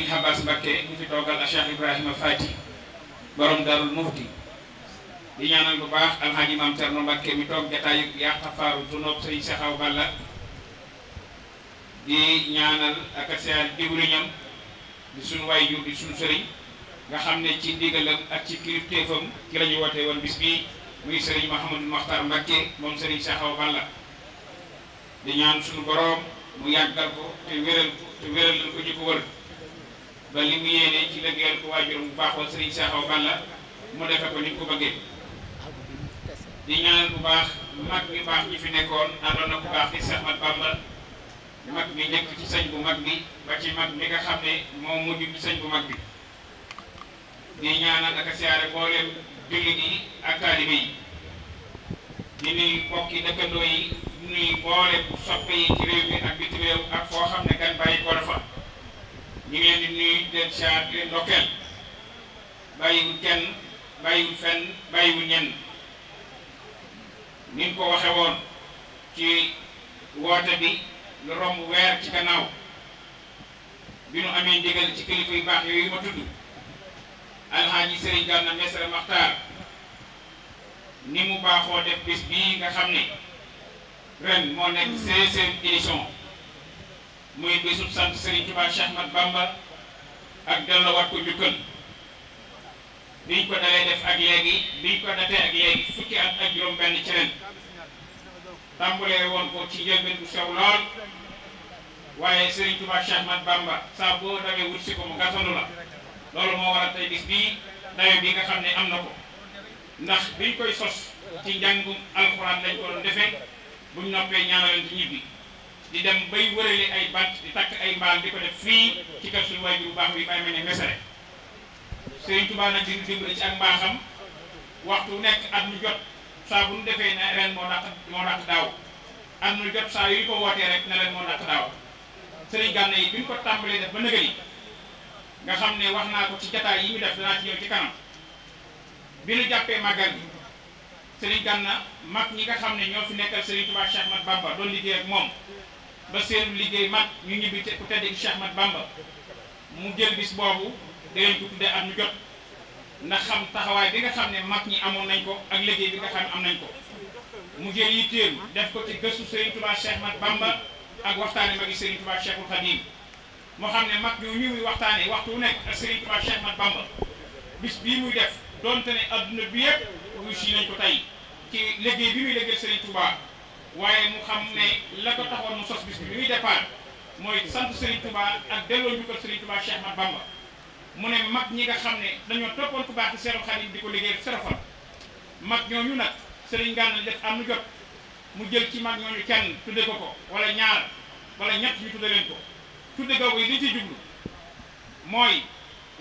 Serigne Abbas Mbakke ñu fi toogal ak Cheikh Ibrahima Fati borom di ñaanal bu baax alxaaji maam Cerno Mbakke mi toog jataayu yaa xafaaru tunoob Serigne Saxaw Balla di ñaanal ak seen jëwriñam di suñu waajur di suñu sëriñ nga xam ne ci ndigalam ak ci kilifteefam ki la ñu woote woon bis bii muy Serigne Mouhamadou Makhtar Mbakke moom Serigne Saxaw Balla di ñaan suñu borom mu yàggal ko te wéral ko te wéral ko ñu wër ba li mu yéene ci liggéeyal ko waajuram bu baaxoo sëriñ Seexaw Balla mu defe ko ni mu ko bëggee di ñaanal bu baax mag ñu baax ñi fi nekkoon àndoon na ku baax di Seex Mat Bamba mag mi njëkk ci sëñ bu mag bi ba ci mag mi nga xam ne moo mujj ci sëñ bu mag bi di ñaanal ak a siyaare jullit yi ak taalibe yi di nuyu mbokki yi di nuyu mboolem ci réew mi ak bitim réew ak foo xam ne gan bàyyi ko na ñu ngi leen di nuyu de leen siyaar di leen ndokkeel bàyyiwul kenn bàyyiwul fenn bàyyiwul ñenn ni ko waxe woon ci woote bi lu romb weer ci gannaaw bi nu amee ndigal ci kilifa yu baax yooyu ma tudd alxaaji sëriñ Gana Messere Maxtaar ni mu baaxoo def bis bii nga xam ni ren moo nekk seizième édition muy bésub sant Serigne Touba Cheikh Ahmad Bamba ak delloowaat ko njukkal biñ ko dalee def ak léegi biñ ko datee ak léegi fukki at ak juróom-benn ci ren tàmbalee woon ko ci njëlbeen bu sew lool waaye Serigne Touba Cheikh Ahmad Bamba saa boo dawee wut si ko mu gàttandu la loolu moo waral tey bis bii dawe bi nga xam ne am na ko ndax biñ koy sos ci njàngum alxuraan lañ ko doon defee buñ noppee ñaanal ci ñibbi. di dem bay wërale ay bant di takk ay mbaal di ko def fii ci kër suñu waajur bu baax bi bàyyi ma ne mesare Sëriñ Tuubaa nag dinu ak mbaaxam jot saa bu nu defee ne ren moo dàq moo dàq daaw ko wootee rek ne ren moo dàq yi bi ko tàmbalee def ba yi nga xam ne wax naa ko ci jataay yi mu def danaa ci ñëw ci kanam bi nu jàppee màggal gi sëriñ Gana mag ñi nga xam ne ñoo fi nekkal sëriñ Tuubaa Cheikh Ahmad Bamba doon liggéey ak moom ba seen liggéey mag ñu ñibbi te ku teddi Cheikh Ahmad Bamba mu jël bis boobu dinañ ko tuddee at mu jot ndax xam taxawaay bi nga xam ne mag ñi amoon nañ ko ak liggéey bi nga xam ne am nañ ko mu jël yitteem def ko ci gëstu Serigne Touba Cheikh Ahmad Bamba ak waxtaane magi seen Touba Cheikhul Khadim moo xam ne mag ñoo ñuy waxtaane waxtu nekk ak Serigne Touba Cheikh Ahmad Bamba bis bii muy def donte ne àdduna bi yëpp wuy si nañ ko tey ci liggéey bi muy liggéey Serigne Touba waaye mu xam ne la ko taxoon mu sos bis bi bi muy départ mooy sant Serigne Touba ak delloo njukkal Serigne Touba Cheikh Mat Bamba mu ne mag ñi nga xam ne dañoo toppoon ku baax ci Seeru Xaadim di ko liggéey serofal mag ñooñu nag Serigne Gana def am nu jot mu jël ci mag ñooñu kenn tudde ko ko wala ñaar wala ñett ñu tudde ko tudde googu yi liñ ci jublu mooy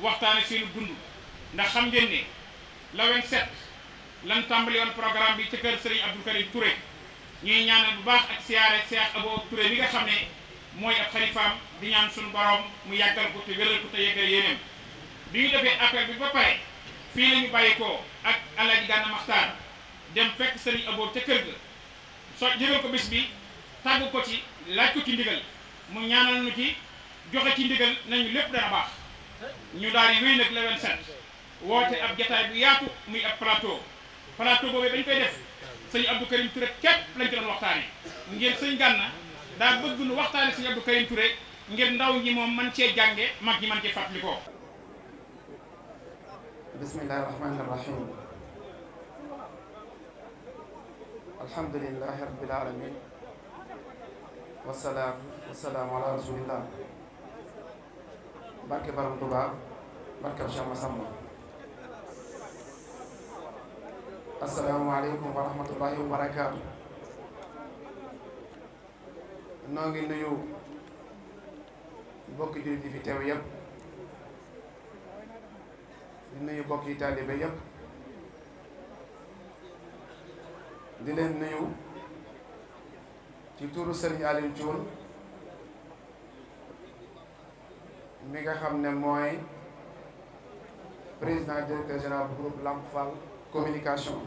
waxtaane seenu dund ndax xam ngeen ne la 27 lan tàmbali woon programme bi ci kër Serigne Abdou Karim Touré ñuy ñaanal bu baax ak siyaare Cheikh Abo Touré bi nga xam ne mooy ab xalifaam di ñaan suñu borom mu yàggal ko te wéral ko te yeggal yéeneen bi ñu defee appel bi ba pare fii la ñu bàyyi ko ak Alaaji Gana Maxtaar dem fekk sëriñ Abo ca kër ga soo jëgal ko bis bi tàggu ko ci laaj ko ci ndigal mu ñaanal nu ci joxe ci ndigal nañu lépp dana baax ñu daal di wéy nag le 27 woote ab jataay bu yaatu muy ab plateau plateau boobu dañ koy def sëñ Abdou Karim Touré képp lañ ci doon waxtaane ngir sëñ Gana daa bëgg nu waxtaane sëñ Abdou Karim Touré ngir ndaw ñi moom man cee jànge mag ñi man cee fàttalikoo bismillahi rahmani rahim alhamdulilahi rabbil alamin wasalaatu wasalaamu ala rasulillah barke baram Tuubaa barke Cheikh Massamba asalaamaaleykum wa rahmatullahi wa barakaatu noo ngi nuyu bokki jullit yi teew yëpp di nuyu bokki taalibe yëpp di leen nuyu ci tuuru Serigne Alioune Thioune mi nga xam ne mooy président directeur général bu groupe Fall communication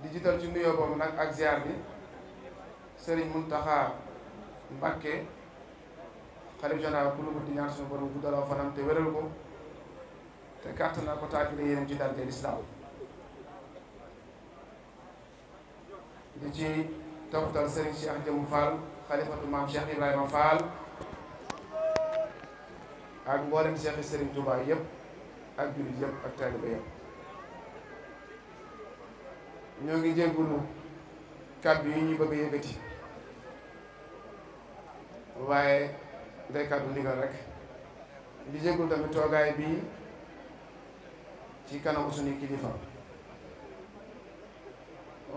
di jiital ci nuyoo boobu nag ak ziar bi Serigne Mountakha Mbacké xalif général ku lubu di ñaan suñu borom guddalaw fanam te wéral ko te kàtt naa ko taakile yéen ci darje lislaam di ci toftal Serigne Cheikh Jëmu Fall xalifatu maam Cheikh Ibrahima Fall ak mboolem Cheikh Serigne Touba yëpp ak jullit yëpp ak taaliba yëpp ñoo ngi jéggulu kàddu yi ñu bëgg a yëkkati waaye day kàddu ndigal rek di jéggul tamit toogaay bii ci kanamu suñu kilifa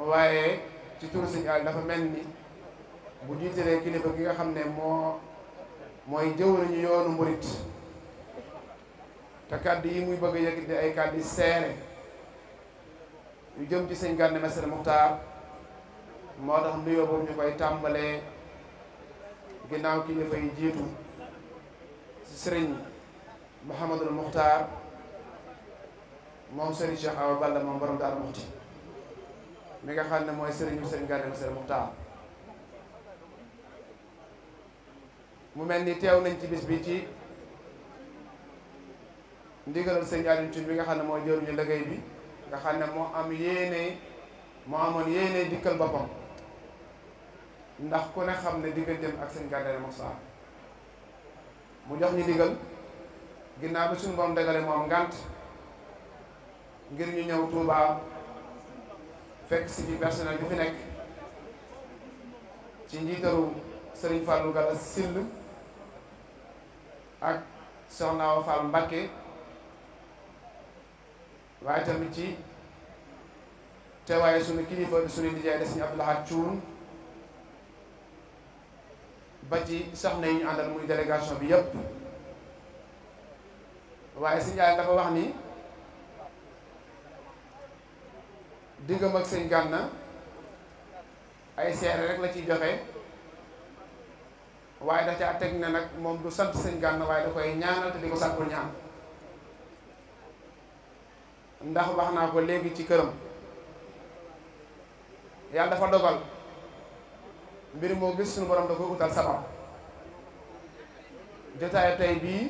waaye ci turu sëñ Aliou dafa mel ni bu jiitalee kilifa gi nga xam ne moo mooy jëw nañu yoonu murit te kàddu yi muy bëgg a di ay kàddu seere yu jëm ci sëñ Gana Messere Muxtaar moo tax nuyoo boobu ñu koy tàmbalee ginnaaw kilifa yi jiitu si sëriñ Mouhamadul Muxtaar moom sëriñ Cheikh mi nga xam mooy sëriñ Gana Messere Muxtaar mu mel ni teew nañ ci bis bi ndigalal sëñ Alioune bi nga xam ne moo jëruñu liggéey bi nga xam ne moo am yéene moo amoon yéene dikkal boppam ndax ku ne xam ne digganteem ak sëñ Gàddaay Moxtaar mu jox ñu digal ginnaaw bi suñu borom dagale moom ngànt ngir ñu ñëw Touba fekk si fi personnel bi fi nekk ci njiitaru Serigne Fallou Gala Sill ak soxnaawa Fall Mbacké waaye tamit ci teewaaye suñu kilifa di suñu nijaay de suñu Abdou Lahad Thioune ba ci soxna yi ñu àndal muy délégation bi yépp waaye sëñ Ndiaye dafa wax ni diggam ak sëñ ay seere rek la ciy joxe waaye da ca teg ne nag moom du sant sëñ Gànna waaye da koy ñaanal te di ko sàkkul ñaan ndax wax naa ko léegi ci këram yàlla dafa dogal mbir moo gis suñu borom da koy utal sabab jotaay tey bii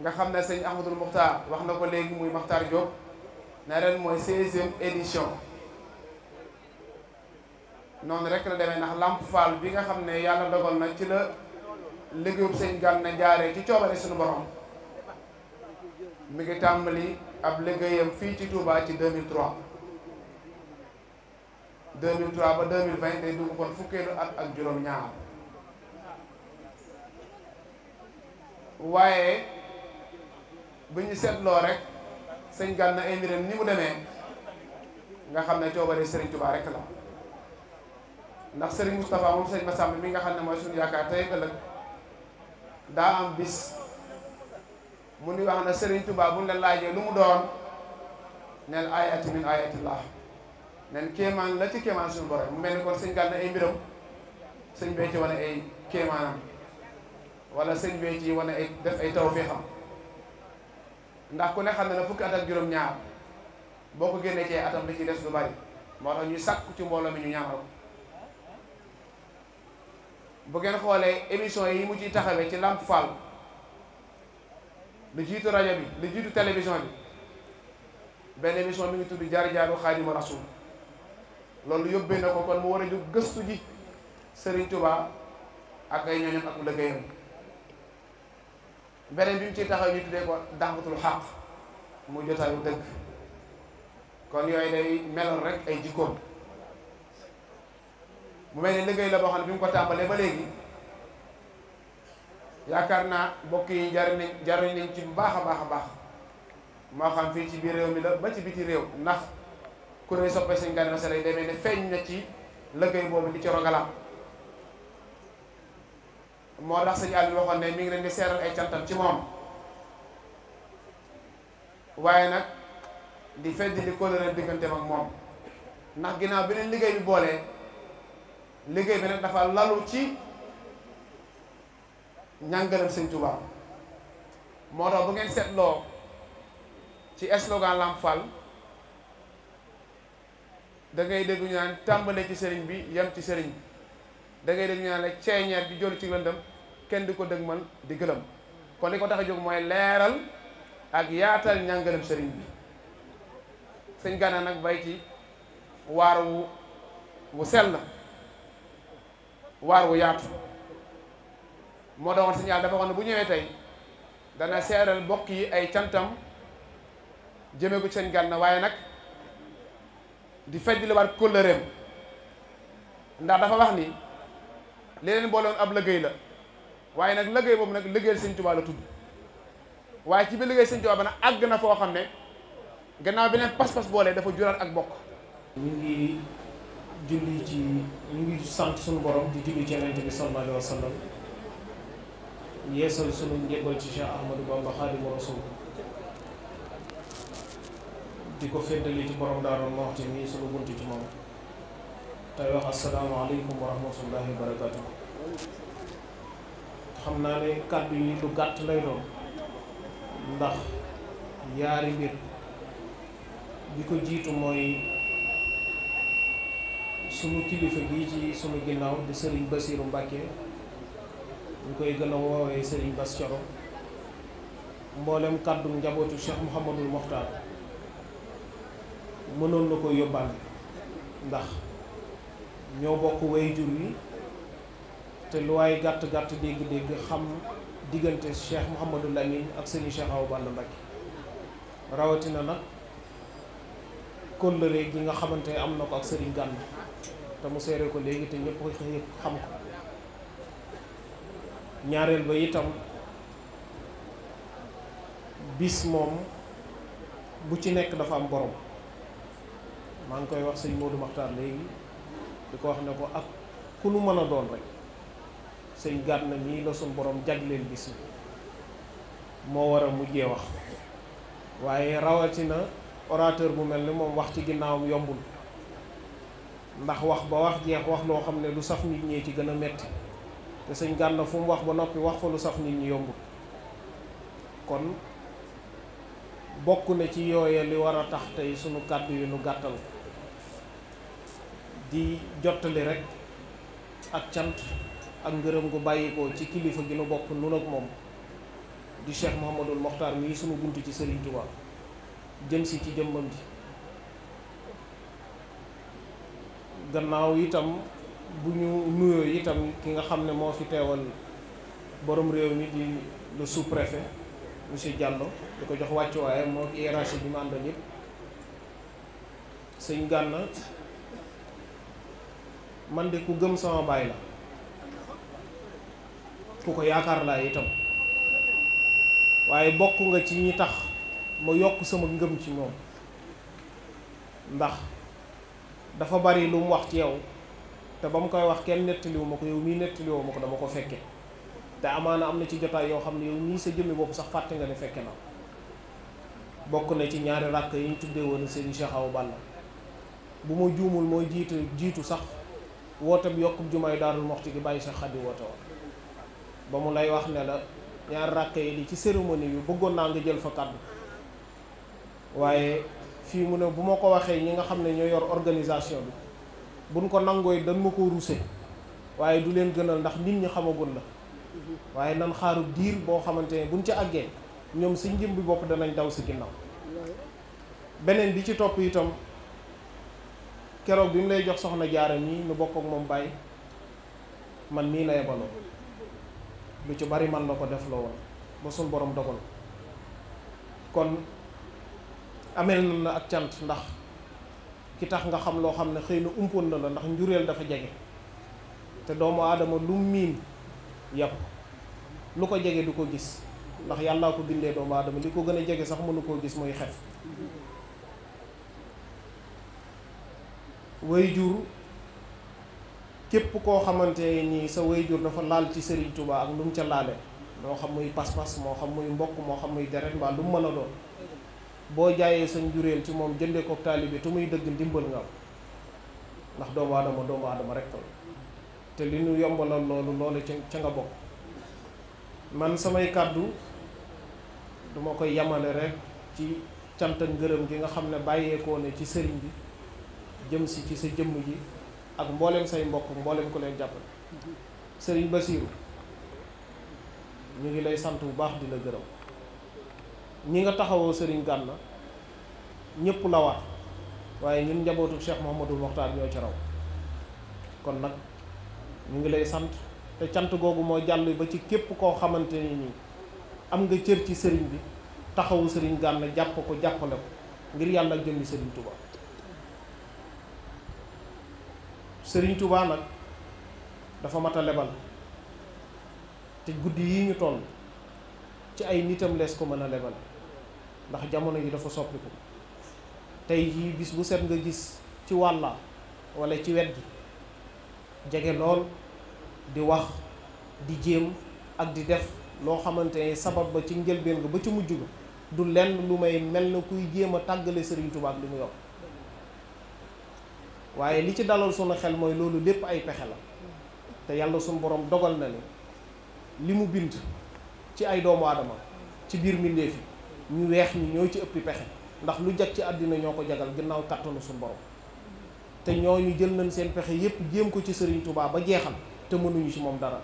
nga xam ne sëñ Ahmadul Muxtaar wax na ko léegi muy Maxtaar Diop ne ren mooy seizième édition noonu rek la demee ndax làmp Fall bi nga xam ne yàlla dogal na ci la liggéeyub sëñ Gana jaaree ci coobare suñu borom mi ngi tàmbali ab liggéeyam fii ci Touba ci 2003 2003 ba 2020 day dugg kon fukkeelu at ak juróom-ñaar waaye bu ñu seetloo rek sëñ Gana ay mbiram ni mu demee nga xam ne coobare Serigne Touba rek la ndax Serigne Moustapha moom sëñ Massamba mi nga xam ne mooy suñ yaakaar tey ëllëg daa am bis. mu ni wax na Serigne Touba buñ la laajee lu mu doon ay ayati min ayatillah nel kéemaan la ci kéemaan suñu borom mu mel ni kon sëñ gànna ay mbiram sëñ becc wane ay kéemaanam wala sëñ becc yi wane ay def ay tawfiixam ndax ku ne xam ne na fukki at juróom-ñaar boo ko génnee ci atam li ci des lu bari moo tax ñuy sàkku ci mbooloo mi ñu ñaanal ko bu xoolee émission yi mu ciy taxawee ci Lamp Fall lu jiitu rajo bi lu jiitu télévision bi benn émission mi ngi tudd jaar-jaaru Xaadimu Rasuul loolu yóbbee na ko kon mu war a jóg gëstu ji sëriñ Touba ak ay ñooñam ak liggéeyam beneen bi mu ciy taxaw ñu tuddee ko daxbatul xaq mu jotaayu dëgg kon yooyu day meloon rek ay jikkoom mu mel ne liggéey la boo xam ne bi mu ko tàmbalee ba léegi. yaakaar naa mbokk yi jariñ nañ jariñ nañ ci bu baax a baax a baax moo xam fii ci biir réew mi da ba ci biti réew ndax kuréel soppee sëñ Gana Messere yi demee ne feeñ na ci lëggéey boobu di ci rogalaam moo tax sëñ Aliou waxoon ne mi ngi leen di seeral ay cantam ci moom waaye nag di fedd di kóllëre diggante ak moom ndax ginnaaw beneen liggéey bi boolee liggéey bi nag dafa lalu ci njàngalam sëñ Tuubaa moo tax bu ngeen seetloo ci slogan Lamp Fall da dégg ñu naan tàmbale ci sëriñ bi yem ci sëriñ dangay da ngay dégg ñu naan la ceeñeer di jolu ci lëndëm kenn di ko dëgmal di gëlëm kon li ko tax a jóg mooy leeral ak yaatal njàngalam sëriñ bi sëñ Gana nag bay ci waar wu wu sell waar wu yaatu moo doxoon signal dafa waxoon ne bu ñëwee tey dana seeral mbokk yi ay cantam jëmee ko seen gànna waaye nag di fedd lu waat kóllëreem ndax dafa wax ni leneen leen booloon ab liggéey la waaye nag liggéey boobu nag liggéeyal Sëñ Tuubaa la tudd waaye ci bi liggéey Sëñ Tuubaa ba nag àgg na foo xam ne gannaaw beneen pas-pas boolee dafa juraat ak bokk ñu ngi julli ci mu ngi sant suñu borom di julli ci Yonent bi sallallahu alayhi wa sallam yeesal sunu njëbbal ci Cheikh Ahmadou Bamba Xaadimu Rasuul di ko féddali ci borom Daaru Muxti mi sunu bunt ci moom tey wax assalaamu aleykum wa rahmatullahi xam naa ne kàddu yi lu gàtt lay doon ndax yaari mbir bi ko jiitu mooy sunu kilifa gii ci sunu ginnaaw di Sëriñ Basiiru Mbàkke ñu koy gën a woowee Serigne Bass Thioro mboolem kàddu njabootu Cheikh Mouhamadul Mokhtar mënoon na ko yóbbaale ndax ñoo bokk wayjur wi te lu waay gàtt gàtt dégg-dégg xam diggante Cheikh Mouhamadul Amine ak Serigne Cheikh Awa Balla Mbacké rawatina nag kóllëre gi nga xamante am na ko ak Serigne Gànn te mu seere ko léegi te ñëpp xëy xam ko. ñaareel ba itam bis moom bu ci nekk dafa am boroom maa ngi koy wax sëñ Modou Makhtar léegi di ko wax ne ko ak ku nu mën a doon rek sëñ Gana mii la suñ borom jagleel bis bi moo war a mujjee wax waaye rawatina orateur bu mel ni moom wax ci ginnaawam yombul ndax wax ba wax jeex wax loo xam ne lu saf nit ñee ci gën a metti te sëñ Gànna fu mu wax ba noppi wax fa lu saf nit ñi yombut kon bokk na ci yooye li war a tax tey sunu kàddu yi nu gàttal di jottali rek ak cant ak ngërëm gu bàyyikoo ci kilifa gi nu bokk nun ak moom di Cheikh Mouhamadul Mokhtar mii sunu bunt ci Sëriñ Tuubaa jëm si ci jëmmam ji gannaaw itam bu ñu nuyoo itam ki nga xam ne moo fi teewal boroom réew mi di le sous-préfet monsieur Diallo di ko jox wàccuwaayam moo ki hiérarchie bi mu àndal yëpp sëñ Gànna man de ku gëm sama baay la ku ko yaakaar laa itam waaye bokk nga ci ñi tax ma yokk sama ngëm ci moom ndax dafa bari lu mu wax ci yow te ba mu koy wax kenn nettaliwu ma ko yow mii nettaliwoo ma ko dama ko fekke te amaana am na ci jotaay yoo xam ne yow mii sa jëmmi bopp sax fàtte nga ne fekke na bokk na ci ñaari ràkk yi ñu tuddee woon sëñ Cheikh Awa Balla bu ma juumul mooy jiitu jiitu sax woote bi yokkub jumaay daarul moxti gi bàyyi Cheikh Khady woote woon ba mu lay wax ne la ñaari ràkk yi di ci cérémonie bi bëggoon naa nga jël fa kàddu waaye fi mu ne bu ma ko waxee ñi nga xam ne ñoo yor organisation bi buñ ko nangooy dañ ma ko ruuse waaye du leen gënal ndax nit ñi xamagul la waaye nan xaaru diir boo xamante ne buñ ci àggee ñoom suñ jëm bi bopp danañ daw si ginnaaw beneen bi ci topp itam keroog bi mu lay jox soxna jaara nii nu bokk ak moom bàyyi man mii la yebaloo lu ci bari man la ko def la woon ba suñ boroom dogal kon amel na ak cant ndax ki tax nga xam loo xam ne xëy na umpoon na la ndax njureel dafa jege te doomu aadama lu miin yàpp lu ko jege du ko gis ndax yàllaa ko bindee doomu aadama li ko gën a jege sax mënu koo gis mooy xef jur képp koo xamante ni sa jur dafa laal ci Serigne tubaa ak lu mu ca laale moo xam muy pas-pas moo xam muy mbokk moo xam muy deret mbaa lu mu mën a doon boo jaayee sa njuréel ci moom jëndee ko taalibe te muy dëgg ndimbal nga ndax doomu aadama doomu aadama rek te li ñu yombalal loolu loolu ca ca nga bokk man samay kàddu duma koy yamale rek ci cant ak ngërëm gi nga xam ne bàyyeekoo ne ci sëriñ bi jëm si ci sa jëmm ji ak mboolem say mbokk mbooleen ko leen jàppale mm-hmm. sëriñ Basiiru ñu ngi lay sant bu baax di la gërëm ñi nga taxawoo Serigne Gana ñëpp la war waaye ñun njabootu Cheikh Mouhamadul Mokhtar ñoo ci raw kon nag ñu ngi lay sant te cant googu moo jàll ba ci képp koo xamante ni nii am nga cër ci sëriñ bi taxawu Serigne Gana jàpp ko jàppale ko ngir yàlla ak jëmmi Serigne Touba Serigne Touba nag dafa mat a lebal te guddi yi ñu toll ci ay nitam lees ko mën a lebal. ndax jamono yi dafa soppiku tey jii bis bu set nga gis ci wàlla wala ci wet gi jege lool di wax di jéem ak di def loo xamante ne sabab ba ci njëlbeen ga ba ci mujj ga du lenn lu may mel na kuy jéem a tàggale Sëriñ Tuubaa ak li mu yokk waaye li ci dalal sunu xel mooy loolu lépp ay pexe la te yàlla sunu boroom dogal na ne li mu bind ci ay doomu aadama ci biir mbindéef yi ñu weex ñi ñoo ci ëppi pexe ndax lu jag ci àddina ñoo ko jagal ginnaaw kàttanu suñu borom te ñooñu jël nañ seen pexe yépp jéem ko ci sëriñ tubaab ba jeexal te mënuñu ci moom dara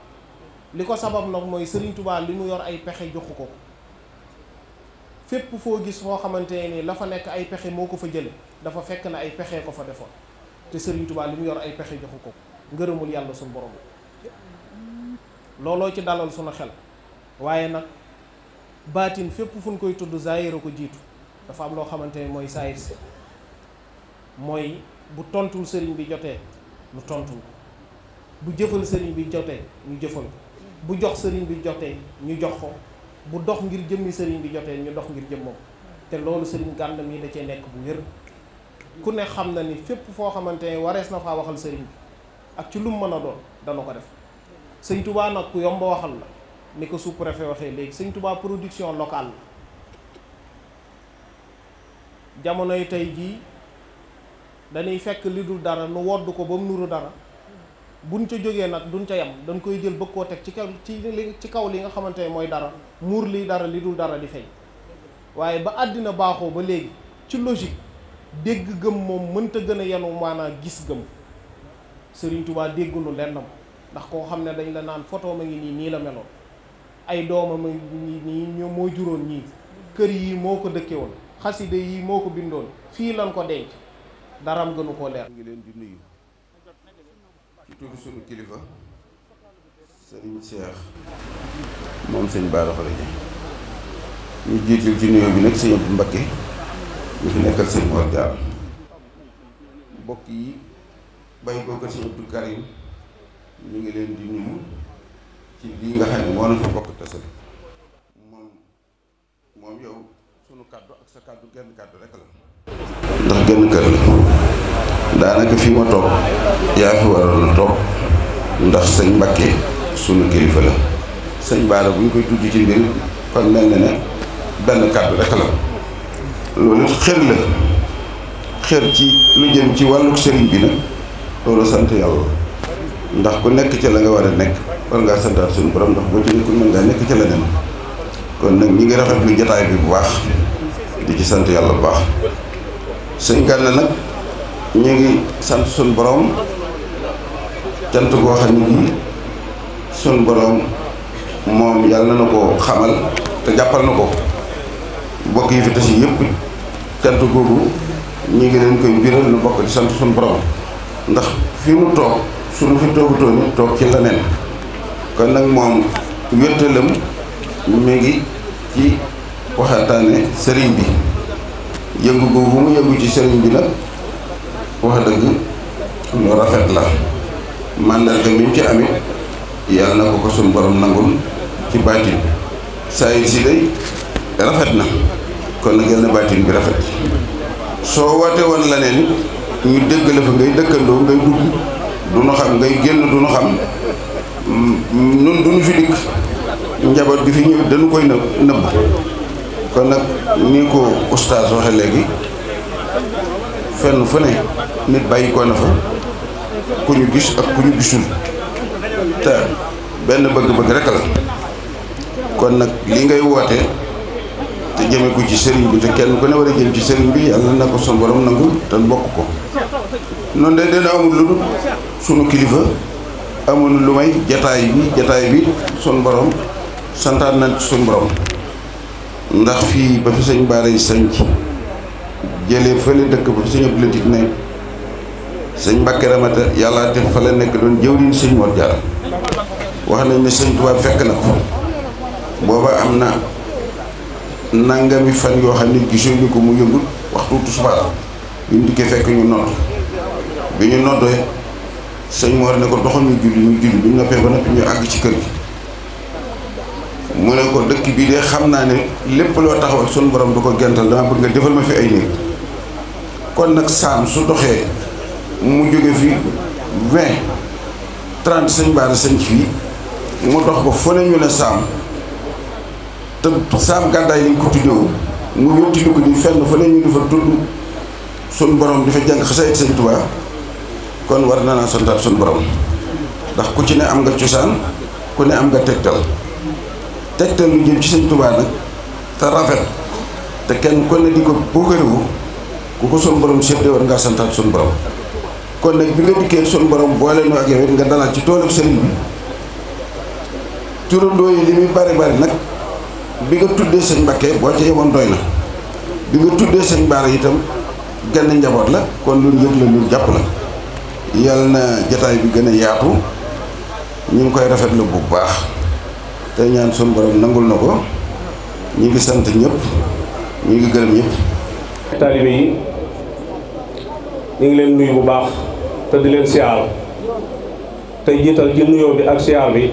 li ko sabab nag mooy sëriñ Touba li mu yor ay pexe joxu ko fépp foo gis foo xamante ne la fa nekk ay pexe moo ko fa jële dafa fekk na ay pexe ko fa te Serigne Touba li yor ay pexe joxu ko ngërëmul yàlla suñu borom looloo ci dalal suñu xel waaye nag. baatin fépp fu koy tudd zaahir a ko jiitu dafa am loo xamante ne mooy saayir si mooy bu tontul sëriñ bi jotee ñu tontul ko bu jëfal sëriñ bi jotee ñu jëfal ko bu jox sëriñ bi jotee ñu jox ko bu dox ngir jëmmi sëriñ bi jotee ñu dox ngir jëmmam te loolu sëriñ gàndam yi da cee nekk bu wér ku ne xam na ni fépp foo xamante ne warees na faa waxal sëriñ bi ak ci lum mën a doon dana ko def sëñ Tuubaa nag ku yomb waxal la ni ko sous-préfet waxee léegi Sëñ tubaa production locale la jamonoy tey jii dañuy fekk li dul dara nu wodd ko ba mu nuru dara buñ ca jógee nag duñ ca yem dañ koy jël bëgg koo teg ci kaw ci ci kaw li nga xamante ne mooy dara muur liy dara li dul dara di fay waaye ba àddina baaxoo ba léegi ci logique dégg gëm moom mënta gën a yenu maanaa gis gëm sëriñ Touba déggunu lennam ndax koo xam ne dañ la naan photo ma ngi nii nii la meloon ay doomam ñi moo juróon ñii kër yi moo ko dëkke woon xaside yi moo ko bindoon fii lan ko denc daram gënu koo leer ngi leen di nuyu ci tudd suñu kilifa sëriñ Cheikh moom sëñ Bara Khourédia ñu jiital ci nuyoo bi nag sëñ Abdou Mbacké ñu fi nekkal sëñ Mor Diall yi bàyyi ko kër sëñ Abdou Karim ñu ngi leen di nuyu ci lii nga xam ne moo na fa bokk tasal moom moom yow sunu kàddu ak sa kàddu genn kàddu rekk la ndax genn kër la daanaka fi ma toog yaa fi waroon a toog ndax sëñ Mbàkke sunu kilifa la sëñ Baara bu ñu koy tudd ci mbir kon mel na ne benn kàddu rek la loolu xër la xër ci lu jëm ci wàllu sëriñ bi nag loolu sant yàlla ndax ku nekk ci la nga war a nekk war ngaa santaat suñu borom ndax boo ci nekkul mën ngaa nekk ci leneen kon nag ñi ngi rafetlu jotaay bi bu baax di ci sant yàlla bu baax sëñ Gana nag ñu ngi sant suñu boroom cant goo xam ne moom yàlla na ko xamal te jàppal na ko bokk yi fi tas yëpp cant googu ñu ngi leen koy biral nu bokk di sant suñu borom ndax fi mu toog suñu fi toogutoon toog ci leneen. kon nag moom wéttalam mu ngi ci waxataane sëriñ bi yëngu googu mu yëngu ci sëriñ bi nag wax dëgg lu rafet la màndarga mi mu ci amit yàlla na ko ko suñ borom nangul ci baatin saa yu si day rafet na kon nag yàlla na baatin bi rafet soo woote woon leneen ñu dégg la fa ngay dëkkandoo ngay dugg du nu xam ngay génn du nu xam nun duñu fi dikk njaboot gi fi ñu dañu koy nëb nëbb kon nag ni ko oustaz waxee léegi fenn fu ne nit bàyyi ko na fa ku ñu gis ak ku ñu gisul te benn bëgg-bëgg rek la kon nag li ngay woote te jëme ko ci sëriñ bi te kenn ku ne war a jëm ci sëriñ bi yàlla na ko son borom nangu te bokk ko noonu de dina amul lu sunu kilifa amul lu may jataay bi jataay bi soon borom santaan na ci borom ndax fii ba fi sëñ Baara yi sanc jëlee fële dëkk ba fi sëñ Abdou Latif ne sëñ Mbàkke Ramata yàllaa def fa la nekk doon jëwriñ sëñ Mor Jaara wax nañ ne sëñ Tuubaa fekk na ko booba am na nangami fan yoo xam ne gisuñu ko mu yëngul waxtu tisbaar ñu dikkee fekk ñu nodd bi ñu noddee sëñ Mor ne ko doxal nu julli ñu julli buñ noppee ba noppi ñu àgg ci kër gi mu ne ko dëkk bii de xam naa ne lépp loo taxawal sunu boroom du ko gental dama bëgg nga defal ma fi ay néeg kon nag saam su doxee mu jóge fi vingt trent sëñ baara sëñ fii mu dox ba fu ne ñu ne saam te saam gàddaay yi ko tuddoo mu yóbbu ko di fenn fu ne ñu di fa tudd sunu borom di fa jàng xasaayid sëñ Tuubaa kon war na naa santaat suñu borom ndax ku ci ne am nga cosaan ku ne am nga tegtal tegtal lu jëm ci sëñ Tuubaa nag te rafet te kenn ku ne di ko buukariwu ku ko suñu borom séddee war ngaa santaat suñu borom kon nag bi nga dikkee suñu borom boole nu ak yow it nga dalaat ci toolu sëriñ bi turandoo yi li muy bari bari nag bi nga tuddee sëñ Mbàkke boo ci yemoon doy na bi nga tuddee sëñ Baara itam genn njaboot la kon loolu yëpp la loolu jàpp la yal na jataay bi gën a yaatu ñu ngi koy rafetlu bu baax te ñaan sunu borom nangul na ko ñu ngi sant ñëpp ñu ngi gërëm ñëpp. taalibe yi ñu ngi leen nuyu bu baax te di leen siyaar te jiital ci nuyoo bi ak siyaar bi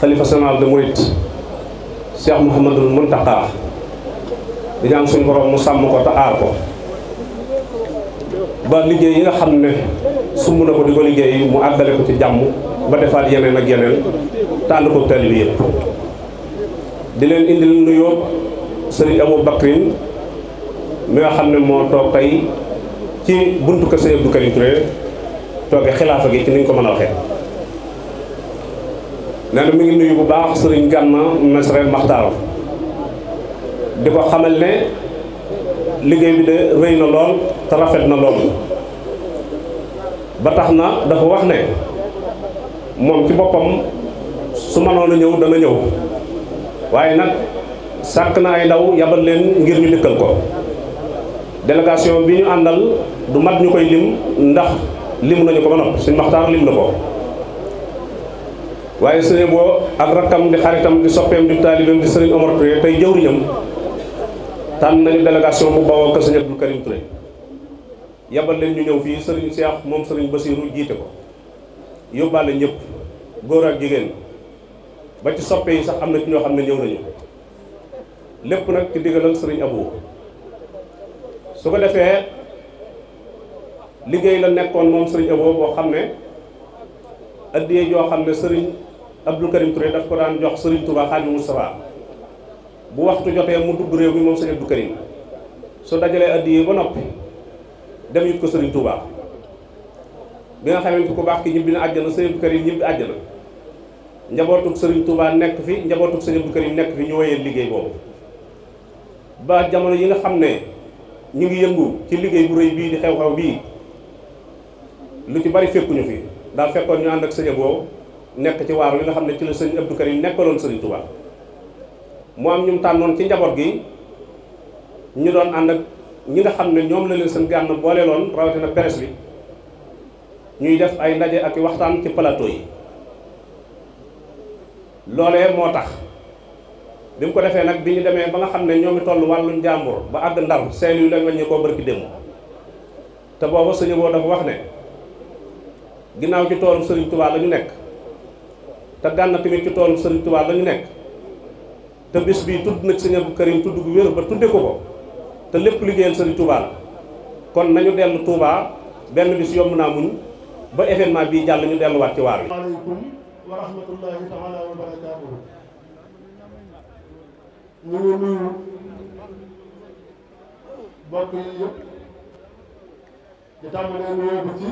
xalifa général de Mouride Cheikh Mouhamadul Mountakha di ñaan suñu borom mu sàmm ko te ko. ba liggéey yi nga xam ne sumb na ko di ko liggéey mu àggale ko ci jàmm ba defaat yeneen ak yeneen tànn ko taalibe yëpp di leen indil nuyoo sëriñ Abou Bakrin mi nga xam ne moo toog tey ci buntu kër sëriñ Abdou Karim Touré toogee xilaafa gi ci ni ñu ko mën a waxee nee na mi ngi nuyu bu baax sëriñ Gànna Mesre Maxtaar di ko xamal ne liggéey bi de rëy na lool te rafet na lool ba tax na dafa wax ne moom ci boppam su mënoon ñëw dana ñëw waaye nag sàkk na ay ndaw yabal leen ngir ñu dikkal ko délégation bi ñu àndal du mat ñu koy lim ndax lim nañu ko ba nopp suñ maxtaar lim na ko waaye sëñ boo ak rakkam di xaritam di soppeem di taalibeem di sëriñ tey Touré tey jëwriñam tànn nañu délégation bu bawoo ko sëñ yabal leen ñu ñëw fii sëriñ Cheikh moom sëriñ Basiiru jiite ko yóbbaale ñëpp góor jigéen ba ci soppe yi sax am na ci ñoo xam ne ñëw nañu lépp nag ci diggalal sëriñ Abu su ko defee liggéey la nekkoon moom sëriñ Abu boo xam ne addiyee joo xam ne sëriñ Abdou Karim Touré daf ko daan jox sëriñ Touba Xaadimu Mustafaa bu waxtu jotee mu dugg réew mi moom sëriñ Abdou Karim su dajalee addiyee ba noppi dem yit ko sëriñ Touba bi nga xamante ku baax ki ñibbi na àjjana sëriñ Abdou Karim ñibbi àjjana njabootug sëriñ Touba nekk fi njabootug sëriñ Abdou Karim nekk fi ñu woyee liggéey boobu ba jamono yi nga xam ne ñu ngi yëngu ci liggéey bu rëy bii di xew-xew bii lu ci bari fekkuñu fi daal fekkoon ñu ànd ak sëñ boo nekk ci waaru li nga xam ne ci la sëñ kër yi nekkaloon sëriñ Touba mu am ñu mu tànnoon ci njaboot gi ñu doon ànd ak ñi nga xam ne ñoom la leen seen gànn booleeloon rawatina presse bi ñuy def ay ndaje ak waxtaan ci plateau yi loolee moo tax bi mu ko defee nag bi ñu demee ba nga xam ne ñoom i toll wàllu njàmbur ba àgg ndar seen yu lañ waññi koo gi démb te booba sëñu boo dafa wax ne ginnaaw ci toolu sëriñ Tuubaa la ñu nekk te gànn tamit ci toolu sëriñ Tuubaa la ñu nekk te bis bii tudd nag sëñ Abdou Karim tudd gu wér ba tudde ko ko te lépp liggéeyal sëriñ Touba la kon nañu dellu Touba benn bis yomb naa muñ ba événement bii jàll ñu delluwaat ci waar wi. asalaamaaleykum wa rahmatullaahi ñu ngi nuyu yi yëpp di tàmbalee nuyoo bi ci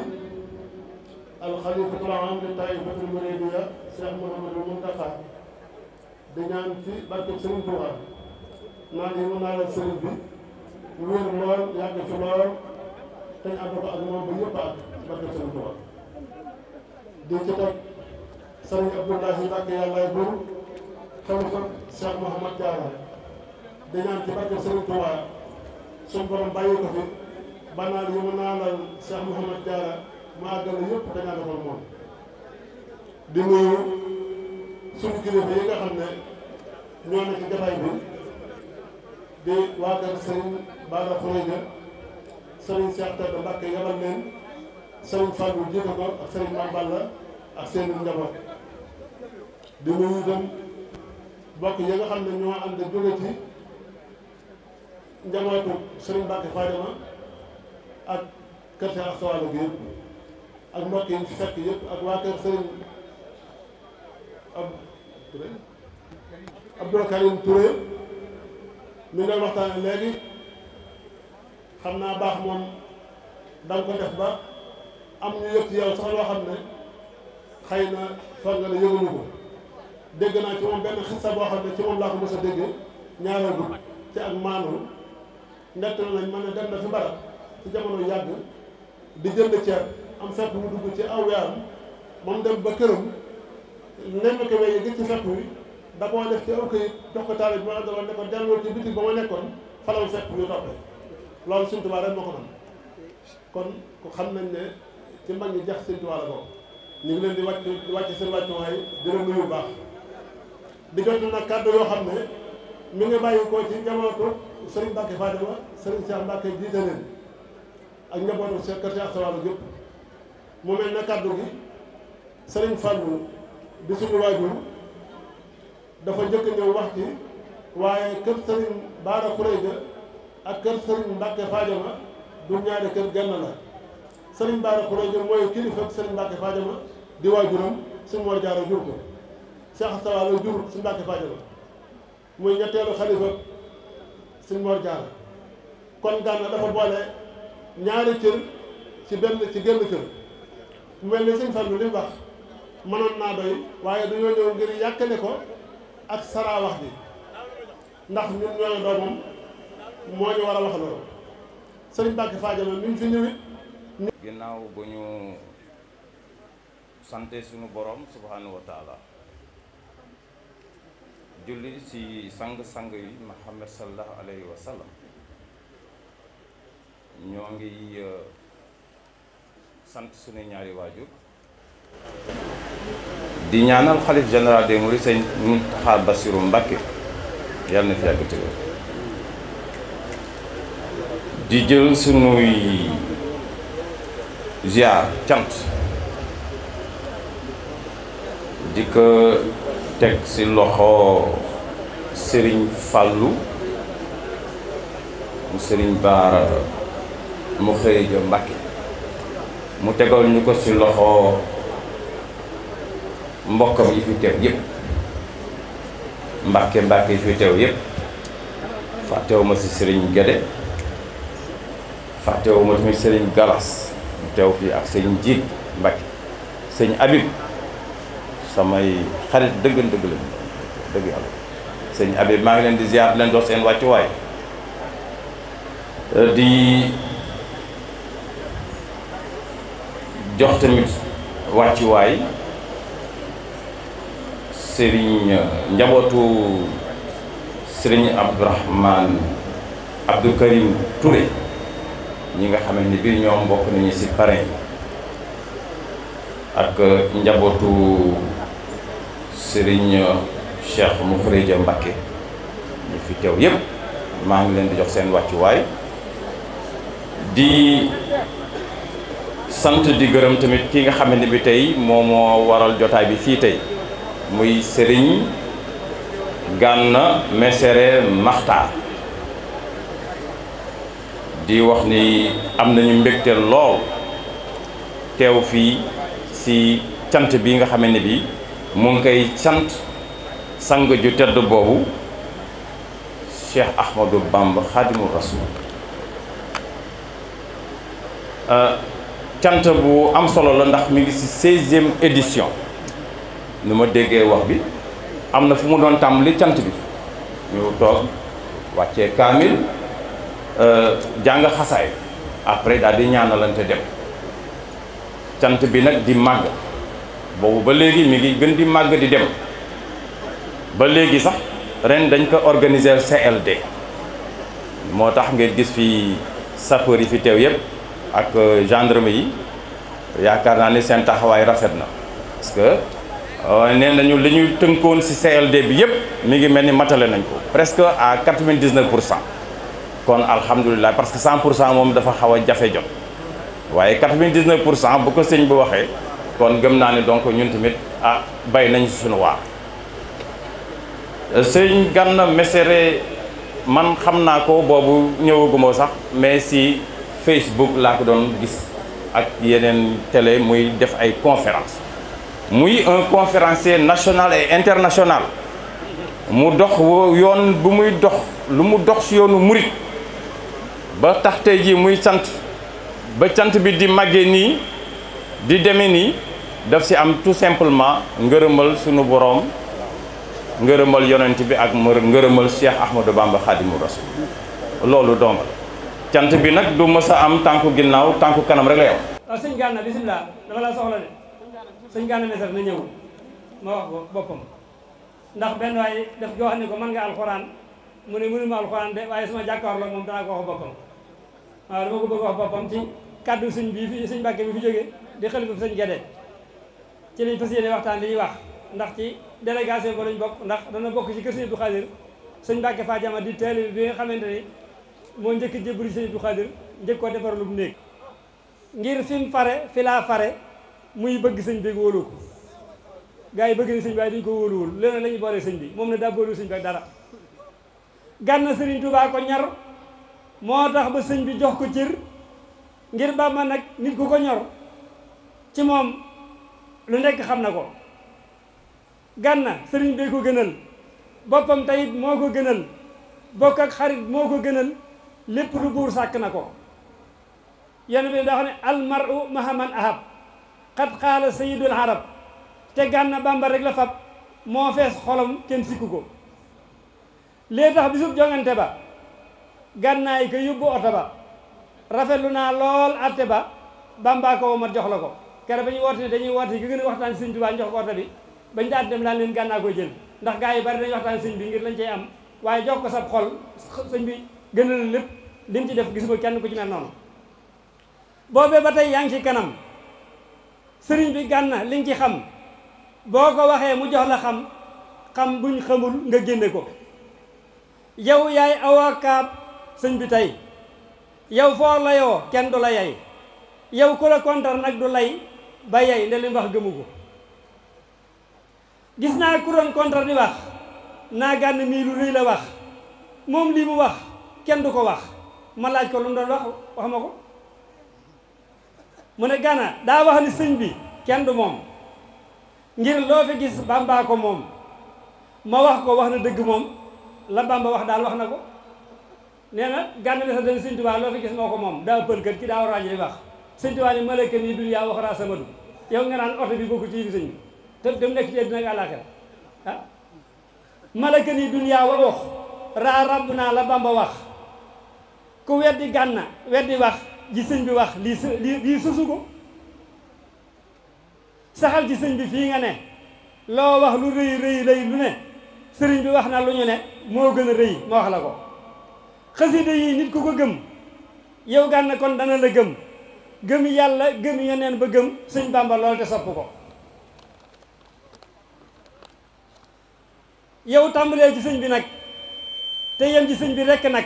alxalifatul aam li taifatul muridiya Cheikh Mouhamadou Mountakha di ñaan ci barkeb sëriñ Touba naan yi mën naa la sëriñ bi. wér lool yàgg fi lool te ñu ànd ko ak moom ba ñëpp a àgg barke Sëriñ Tuubaa di ci teg Sëriñ Abdoulahi Mbàkke yàllaay buur xalifa Cheikh Mouhamad Diarra di ñaan ci barke Sëriñ mu naanal Cheikh Mouhamad Diarra maa àggale moom di nuyu suñu kilifa yi nga xam ne ñoo nekk ci jotaay bi di waa kër Sëriñ baada xureja sëriñ Cheikh Tade Mbacke yabal leen sëriñ Fallou jiite ko ak sëriñ Mame Balla ak seen njaboot di nuyu itam bokk xam ne ñoo ànd jóge ci njabootu sëriñ Mbacke Fadima ak kër Cheikh Asta Walo gi yëpp ak mbokk yi ak waa kër sëriñ ab Abdou Karim Touré mi ngi doon xam naa baax moom danga ko def ba am ñu yëpp yow sax loo xam ne xëy na foog nga ne ko dégg naa ci moom benn xista boo xam ne ci moom laa ko mos a déggee ñaareelu ci ak maanu nett nañ ma ne dem na fi barab ci jamono yàgg di jënd ceeb am fepp mu dugg ci aw yaram moom dem ba këram nemm ko wéy gis ci fepp wi da koo def ci aw këyit jox ko taalib ma ne ko delloo ci biti ba ma nekkoon falaw fepp yu toppee loolu Sëñ Tuubaa rek moo ko mën kon ku xam nañ ne ci mag ñi jax Sëñ Tuubaa la ko ñu ngi leen di wàcc di wàcc seen wàccuwaay di leen nuyu baax di jot nag kàddu yoo xam ne mu ngi bàyyi ko ci njabootu Serigne Mbacke Fatima Serigne Cheikh Mbacke jiite leen ak njabootu Cheikh Kër Cheikh Sawalu yëpp mu mel na kàddu gi Serigne Fallou di suñu waajur dafa njëkk ñëw wax ci waaye kër Serigne Baara Khourédia ak kër Serigne Mbacke Fadiama du ñaari kër genn la Serigne Bara Khourédia mooy kilifa ak Serigne Mbacke Fadiama di waajuram suñu war jaara jur ko Cheikh Sawa la jur suñu Mbacke Fadiama muy ñetteelu ci benn ci génn cër mu mel ni suñu fan li waaye dañoo ñëw ngir yàkkale ko bi ndax ñun ñoo doomam moo ñu war a wax loolu sëriñ Mbacke Fadiama mi ngi fi ñëwit ginnaaw bu ñu sante suñu boroom subhanahu wa julli si sang-sang yi Muhammad sallallahu alayhi wa sallam ñoo ngi euh, sant suñu ñaari waajur di ñaanal xalif général des mourides sëñ Mountakha Bassirou Mbacké yàlla na fi yàgg di jël sunuy ziar cant di ko teg ci loxo sëriñ Fallou mu Serigne Baara mu xëy jo mu tegal ñu ko ci loxo mbokkam yi fi teew yépp Mbacke Mbacke yi fi teew yépp fàttewuma ci Serigne Guédé fàttewu ma tamit sëriñ galas mu teew fii ak sëriñ jiig Mbacke sëñ abib samay xarit dëggan dëgg lañu dëgg yàlla sëñ abib maa ngi leen di ziar leen dox seen wàccuwaay euh, di jox tamit wàccuwaay sëriñ euh, njabootu sëriñ abdourahman abdou karim ñi nga xamante ni bii ñoom mbokk nañu si parrain yi ak njabootu Serigne Cheikh Moufredia Mbacké ñu fi teew yépp maa ngi leen di jox seen wàccuwaay di sant di gërëm tamit ki nga xamante ni bi tey moomoo waral jotaay bi fii tey muy Serigne Gana Messere maxtaa di wax ni am nañu mbégte lool teew fii si cant bi nga xamee ne bi mu ngi koy cant sang ju tedd boobu Cheikh Ahmadou Bamba Khadimou Rasoul euh, cant bu am solo la ndax mu gis ci seizième édition nu ma déggee wax bi am na fu mu doon tàmbali cant bi ñu toog wàccee kaamil Euh, jàng xasaay après daal di ñaanalante dem cant bi nag di màgg boobu ba léegi mi ngi gën di màgg di dem ba léegi sax ren dañ ko organiser CLD moo tax ngeen gis fi sapor yi fi teew yëpp ak euh, gendarme yi yaakaar naa ne seen taxawaay rafet na parce que euh, nee nañu li ñu tënkoon si CLD bi yëpp mi ngi mel ni matale nañ ko presque à quatre-vingt-dix-neuf pour cent kon alhamdulilah parce que 100 pour cent moom dafa xaw a jafe jot waaye 99 pour cent bu ko sëñ bu waxee kon gëm naa ne donc ñun tamit ah bay nañ suñu waar. sëñ Gana Messere man xam naa ko boobu ñëwaguma sax mais si Facebook laa ko doon gis ak yeneen télé muy def ay conférence muy un conférencier national et international mu dox yoon bu muy dox lu mu dox si yoonu murit ba tax tey jii muy cant ba cant bi di màggee nii di demee nii daf si am tout simplement ngërëmal sunu boroom ngërëmal yonent bi ak ngërëmal Cheikh Ahmadou Bamba Khadimou Rasoul loolu donga cant bi nag du mës a am tànku ginnaaw tànku kanam rek lay am. waaw ah, sëñ Gana bisimilah dama la soxla de sëñ Gana Mesere na ñëw ma wax ko boppam ndax benn waaye daf joo xam ne ko mën nga alxuraan mu ne mënuma alxuraan de waaye suma jàkkaarloo moom danaa ko wax boppam. waaw ah, dama ko bëgg wax boppam ci kàddu suñ bii fi suñ mbàkke bi fi jóge di xalifa bi sañ gede ci lañ fas yéene waxtaan li wax ndax ci délégation ba lañ bokk ndax dana bokk ci kër sëñ Abdou suñ mbàkke faa jama di teel bi nga xamante ni moo njëkk jébbalu ci sëñ Abdou Khadir njëkk koo mu néeg ngir fi mu fare fi laa fare muy bëgg sëñ bi wóolu ko bëgg na sëñ bi waaye dañu ko wóoluwul leneen la ñuy boolee sëñ bi moom ne daa boolu sëñ bi ak dara gànna sëriñ Tuubaa ko ñar moo tax ba sëñ bi jox ko cër ngir Bàmba nag nit ku ko ñor ci moom lu nekk xam na ko gànna sëriñ bee ko gënal boppam tayit moo ko gënal bokk ak xarit moo ko gënal lépp lu buur sàkk na ko yenn bi daa xam ne almaru mahaman ahab xat xaala sayidul arab te gànna Bàmba rek la fab moo fees xolam kenn sikku ko lee tax bisub jongante ba gànnaay ko yóbbu oto ba rafetlu naa lool atte ba bambaa ko ma jox la ko kere ba ñu woote ne dañuy woote gi gën a waxtaan sëñ Tuubaa jox ko oto bi dem daan leen gànnaa koy jël ndax gars yi bari dañuy waxtaan sëñ bi ngir lañ waaye jox ko sa xol sëñ bi gën a lépp lim ci def gisuma kenn ku ci mel noonu boobee ba tey yaa ngi ci kanam sëriñ bi gànna liñ ci xam boo ko waxee mu jox la xam xam buñ xamul nga génne ko yow yaay awakaab sëñ bi tey yow foor la yoo kenn du la yey yow ku la kontar nag du lay ba yey nde li wax gëmu ko gis naa ku doon kontar di wax naa gànn mii lu rëy la wax moom lii mu wax kenn du ko wax ma laaj ko lu mu doon wax wax ma ko mu ne gànna daa wax ni sëñ bi kenn du moom ngir loo fi gis bàmbaa ko moom ma wax ko wax na dëgg moom la bàmba wax daal wax na ko nee na gànn bi sax dañ sëñ Tuubaa loo fi gis moo ko moom daa pëlkat ki daa war a di wax sëñ Tuubaa ni malaka ni dunya wax raa samadu yow nga naan oto bi bokku ci yi sëñ bi te dem nekk ci àddina ak àllaaxira ah malaka ni dunya wa wax raa rabb naa la Bamba wax ku weddi gànna weddi wax ji sëñ bi wax lii lii lii ko saxal ci sëñ bi fii nga ne loo wax lu rëy rëy rëy lu ne sëriñ bi wax na lu ñu ne moo gën a rëy ma wax la ko xasida yi nit ku ko gëm yow gànna kon dana la gëm gëm yàlla gëm yeneen ba gëm sëñ Bàmba lool te sopp ko yow tàmbalee ci suñ bi nag te yem ci suñ bi rekk nag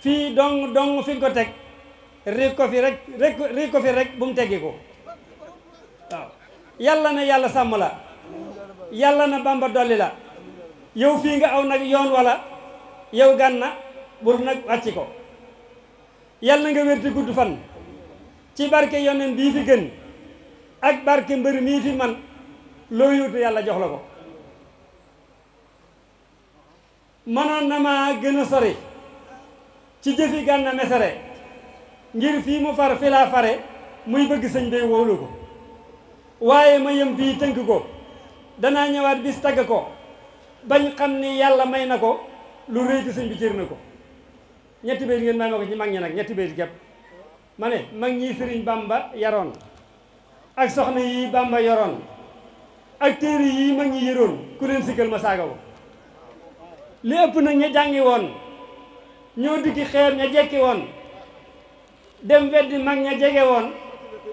fii dong dong fi ko teg riig ko fi rek rek riig ko fi rek bu mu teggi ko yàlla na yàlla sàmm la yàlla na Bàmba dolli la yow fii nga aw nag yoon wala yow gànna bur nag wàcc ko yàlla na nga wér di gudd fan ci barke yoneen bii gën ak barke mbër mii fi man loo yuutu yàlla jox la ko mënoon na maa gën sori ci jëfi Gana Messere ngir fii mu far fi laa fare muy bëgg sëñ bi wóolu ko waaye ma yem fii tënk ko danaa ñëwaat bis tagg ko bañ xam ni yàlla may na ko lu réy ci sëñ bi cër na ko ñetti béy ngeen may ma ko ci mag ñi nag ñetti béy gépp ma ne mag ñii sëriñ Bamba yaroon ak soxna yi Bamba yoroon ak téere yi mag ñi yëroon ku leen sikkal ma saaga ko li ëpp nag ña jàngi woon ñoo dikki xeer ña woon dem weddi mag ña jege woon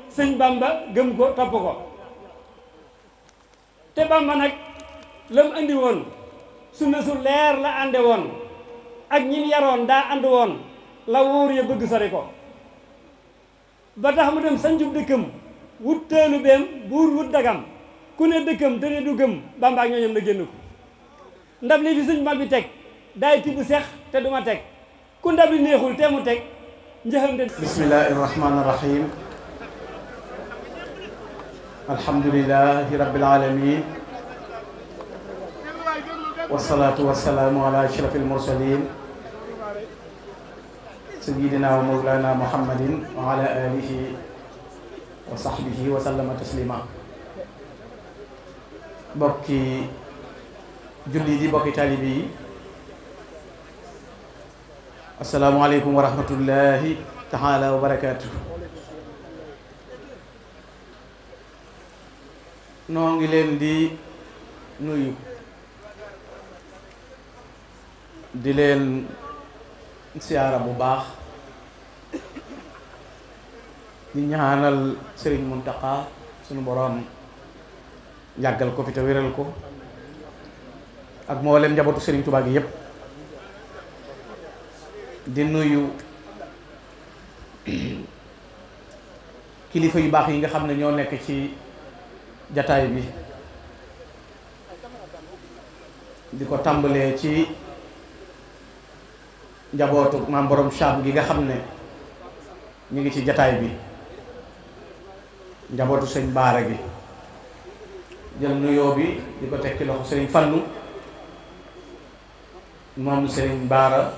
sëñ Bamba gëm ko topp ko te Bamba nag lam andi woon sunna su leer la ànde woon ak ñin yaroon daa ànd woon la wóor ya bëgg sori ko ba tax mu dem sañjub dëkkam wut teelu beem buur wut dagam ku ne dëkkam te ne du gëm Bàmba ak ñooñam génn ko ndab li fi suñ mag bi teg daay tibb seex te duma teg ku ndab li neexul te mu teg njëxam de bismillahi rahmaani rahim alhamdulilahi rabbil alamin wasalaatu wasalaamu ala ashrafil mursalin sayyidina wa mawlana muhammadin wa ala alihi wa sahbihi wa sallama taslima bokki julli di bokki taalibe yi assalaamu wa rahmatullahi taala wa barakaatu noo di nuyu di leen siyaara bu baax di ñaanal sëriñ Serigne Mountakha suñu boroom yàggal ko fi te wéral ko ak mboolem njabootu Serigne Touba gi yépp di nuyu kilifa yu baax yi nga xam ne ñoo nekk ci jataay bi di ko tàmbalee ci njabootu maam borom saam gi nga xam ne ñu ngi ci jataay bi njabootu sëñ baara bi jël nuyoo bi di ko teg ci loxo sëriñ Fallu moom sëriñ baara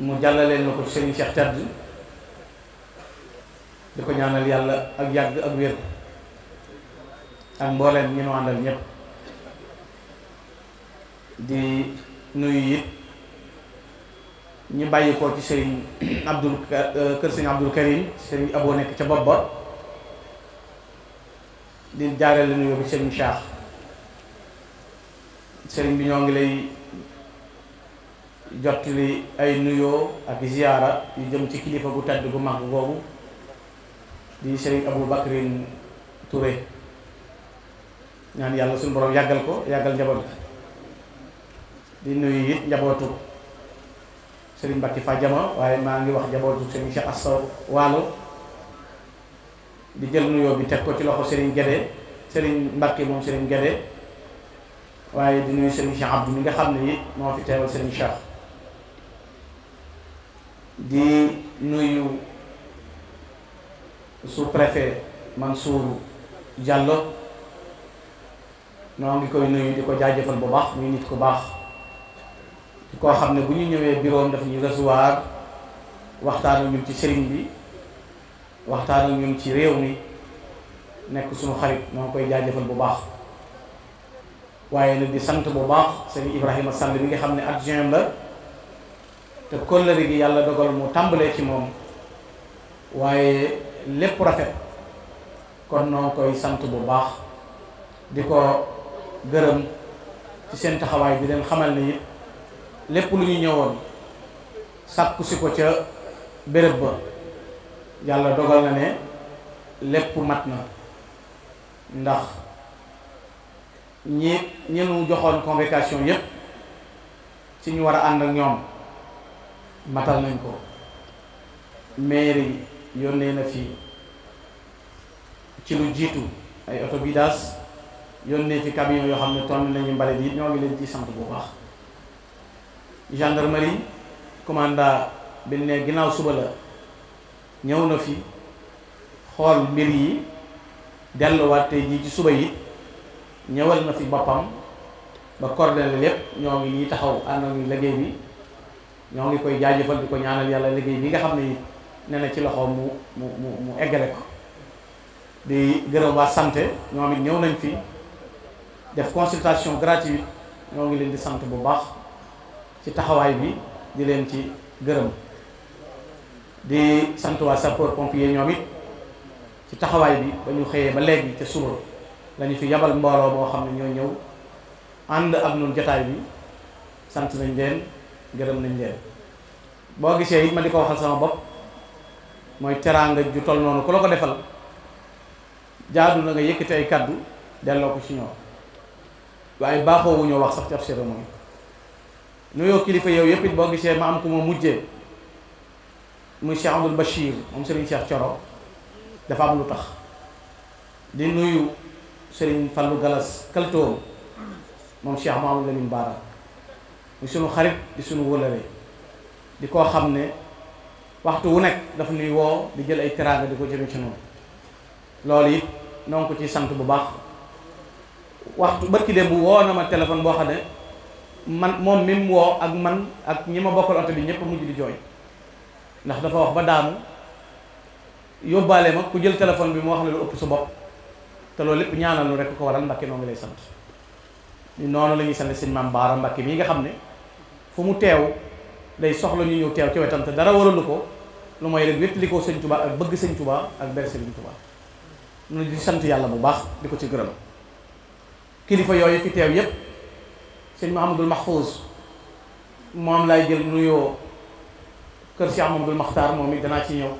mu jàllaleen na ko sëriñ Cheikh Tedd di ko ñaanal yàlla ak yàgg ak wér ak mbooleem ñi nu àndal ñëpp di nuyu it ñi bàyyi ko ci sëriñ Abdul euh, kër sëriñ Abdul Karim sëriñ Abo nekk ca bopp ba di jaarale nuyoo bi sëriñ Cheikh sëriñ bi ñoo ngi lay jottali ay nuyoo ak ziyaara yu jëm ci kilifa bu tedd bu mag googu di sëriñ Abou Bakrin Touré ñaan yàlla suñu borom yàggal ko yàggal njaboot di nuyu it njabootu Serigne Mbacke fa jama waaye maa ngi wax jabootu Serigne Cheikh Assa Waalo di jël nuyoo bi teg ko ci loxo Serigne Guédé Serigne Mbacke moom Serigne Guédé waaye di nuyu Serigne Cheikh Abdou mi nga xam ne it moo fi teewal Serigne Cheikh di nuyu sous man Mansour Diallo noo ngi koy nuyu di ko jaajëfal bu baax muy nit ku baax. koo xam ne bu ñu ñëwee biroom dafa ñu recevoir waxtaan ñun ci sëriñ bi waxtaan ak ñun ci réew mi nekk suñu xarit ñoo koy jaajëfal bu baax waaye nag di sant bu baax sëriñ Ibrahima Sall bi ngi xam ne adjoint la te kóllëre gi yàlla dogal mu tàmbalee ci moom waaye lépp rafet kon noo koy sant bu baax di ko gërëm ci seen taxawaay di leen xamal ne it lépp lu ñu ñëwoon sàkku ko ca béréb ba yàlla dogal na ne lépp mat na ndax ñi ñi joxoon convocation yépp ci ñu war a ànd ak ñoom matal nañ ko mairie yónnee na fi ci lu jiitu ay oto vidange yónnee fi camion yoo xam ne tonn nañu mbalit yi ñoo ngi leen ci sant bu baax gendarmerie commandant bi ne ginnaaw suba la ñëw na fi xool mbir yi delluwaat te jii ci suba yi ñëwal na fi boppam ba coordonné lépp ñoo ngi ñi taxaw ànd ak liggéey bi ñoo ngi koy jaajëfal di ko ñaanal yàlla liggéey bi nga xam ne ne na ci loxo mu mu mu mu eggale ko di gërëm waa santé ñoom it ñëw nañ fi def consultation gratuite ñoo ngi leen di sant bu baax ci taxawaay bi di leen ci gërëm di sant waa sapeur pompier ñoom it ci taxawaay bi ba ñu xëyee ba léegi te suba la fi yabal mbooloo moo xam ne ñoo ñëw ànd ak ñun jotaay bi sant nañ leen gërëm nañ leen. boo gisee it ma di ko waxal sama bopp mooy teraanga ju tol noonu ku la ko defal jaadu na nga yëkkati ay kaddu delloo ko ci ñoom waaye baaxoo wu ñoo wax sax ci ab cérémonie nuyoo kilifa yow yëpp it boo gisee ma am ku ma mujjee muy Cheikh Abdoul Bachir moom Serigne Cheikh Thioro dafa am lu tax di nuyu Serigne falu Galas Kaltoom moom Cheikh Mamadou Lamine Bara muy sunu xarit di sunu wëlëre di koo xam ne waxtu wu nekk dafa nuy woo di jël ay teraanga di ko jëme ci noonu loolu it noo ko ci sant bu baax waxtu ki dem bu woo na ma téléphone boo xam ne man moom mi mu woo ak man ak ñi ma bokkal oto bi ñëpp mujj di jooy ndax dafa wax ba daanu yóbbaale ma ku jël téléphone bi mu wax la lu ëpp sa bopp te loolu lépp ñaanal lu rek ko waral Mbacke noo ngi lay sant noonu la ñuy sant si maam Baara Mbacke mii nga xam ne fu mu teew day soxla ñu ñëw teew ci wetam te dara waralu ko lu mooy rek wétali ko sëñ Tuubaa ak bëgg sëñ Tuubaa ak ber sëñ Tuubaa ñu di sant yàlla bu baax di ko ci gërëm kilifa yooyu fi teew yépp sëñ Mahamadul Mahfouz moom laay jël nuyoo kër Cheikh Mahamadul Maxtaar moom it danaa ci ñëw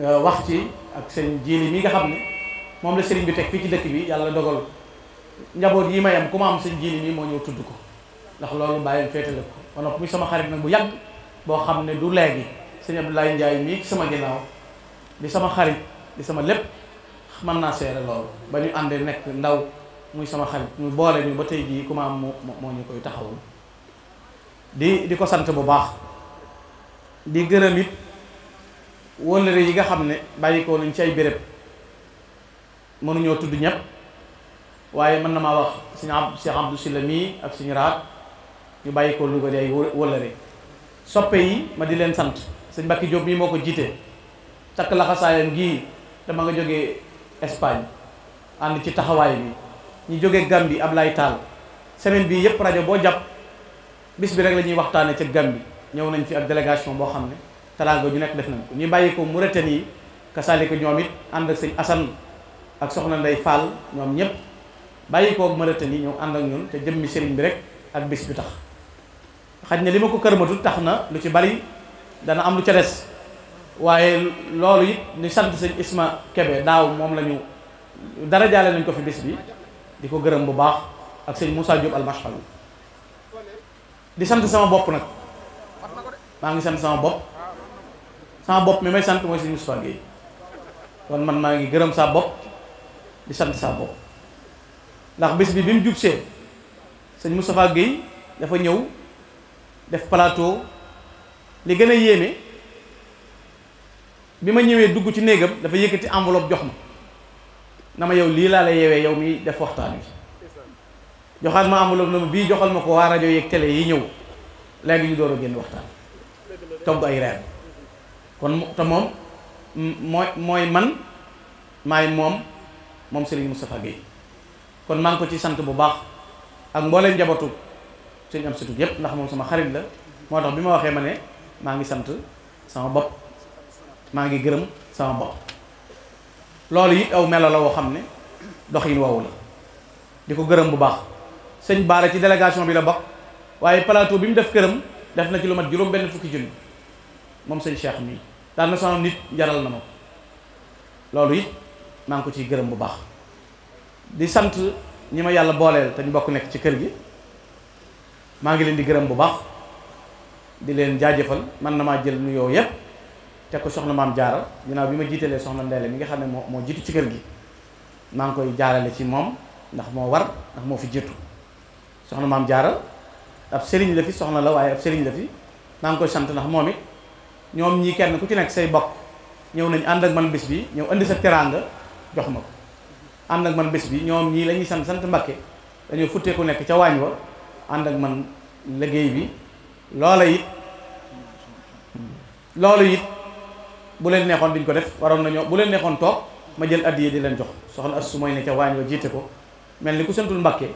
euh, wax ci ak sëñ Jili mi nga xam ni moom la sëriñ bi teg fii ci dëkk bi yàlla dogal njaboot yi mayam ku ma am sëñ Jili mi moo ñëw tudd ko ndax loolu bàyyam féete la ko kon nag muy sama xarit nag bu yàgg boo xam ne du léegi sëñ Abdoulaye Ndiaye mii sama ginnaaw di sama xarit di sama lépp mën naa seere loolu ba ñu àndee nekk ndaw muy sama xarit mu boole ñu ba tey bii ku ma am moo moo ñu koy taxawul di di ko sant bu baax di gërëm it wëllëre yi nga xam ne bàyyikoo nañ ci ay béréb mënuñoo tudd ñëpp waaye mën na maa wax si ab Cheikh Abdou Sylla mii ak suñu raat ñu bàyyikoo Louga di ay wëllëre soppe yi ma di leen sant sëñ Mbacke Diop mii moo ko jiite takk laxasaayam gii dama nga jógee Espagne ànd ci taxawaay bi ñu jóge jógee Gambie Ablaye Tall semaine bii yëpp rajo boo jàpp bis bi rek la ñuy waxtaanee ca Gambie ñëw nañ fi ab délégation boo xam ne talaanga ju nekk def nañ ko ñu bàyyi ko Mauritanie yi kasaalika ñoom it ànd ak sëñ Assane ak soxna Ndey Fall ñoom ñëpp bàyyi ko Mauritanie yi ñëw ànd ak ñun te jëmmi sëriñ bi rek ak bis bi tax xaj na li ma ko kërmatul tax na lu ci bari dana am lu ca des waaye loolu it ñu sant sëñ Isma Kebe daaw moom la ñu dara jaale nañ ko fi bis bi di ko gërëm bu baax ak sëñ Moussa Diop almashal di sant sama bopp nag maa ngi sant sama bopp sama bopp mi may sant mooy sëñ Moustapha Guèye kon man maa ngi gërëm saa bopp di sant saa bopp ndax bés bi bi mu jubsee sëñ Moustapha Guèye dafa ñëw def palaato li gën a yéeme bi ma ñëwee dugg ci néegam dafa yëkkati enveloppe jox ma na ma yow lii laa la yeewee yow mi def waxtaan wi joxaat ma amulom na ma bii joxal ma ko waa rajo yeeg yi ñëw léegi ñu door a génn waxtaan togg ay reer kon te moom mooy man maay moom moom Serigne Moustapha Guèye kon maa ngi ko ci sant bu baax ak mbooleem njabootu suñu am yépp ndax moom sama xarit la moo tax bi ma waxee ma ne maa ngi sant sama bopp maa ngi gërëm sama bopp loolu yit aw melo la woo xam ne doxin woowu la di ko gërëm bu baax sëñ Baara ci délégation bi la bokk waaye palaato bi mu def këram def na ci lu mat juróom benn fukki junni moom sëñ Cheikh mii daal na sama nit jaral na ma loolu it maa ko ciy gërëm bu baax di sant ñi ma yàlla booleel te ñu bokk nekk ci kër gi maa ngi leen di gërëm bu baax di leen jaajëfal man na maa jël nuyoo yépp teg ko soxna maam jaara ginnaaw bi ma jiitalee soxna Ndeye mi nga xam ne moo moo jiitu ci kër gi maa ngi koy jaarale ci moom ndax moo war ndax moo fi jiitu soxna maam jaaral ab sëriñ la fi soxna la waaye ab sëriñ la fi maa koy sant ndax moom it ñoom ñii kenn ku ci nekk say bokk ñëw nañu ànd ak man bés bi ñëw indi sa teraanga jox ma ko ànd ak man bés ñoom ñii lañuy sant sant Mbakke dañoo futtee ku nekk ca waañ wa ànd ak man liggéey bi loola it loola it bu leen neexoon duñ ko def waroon nañoo bu leen neexoon toog ma jël addiye di leen jox soxna as su may ne ca waañ wa jiite ko mel ni ku santul mbàkke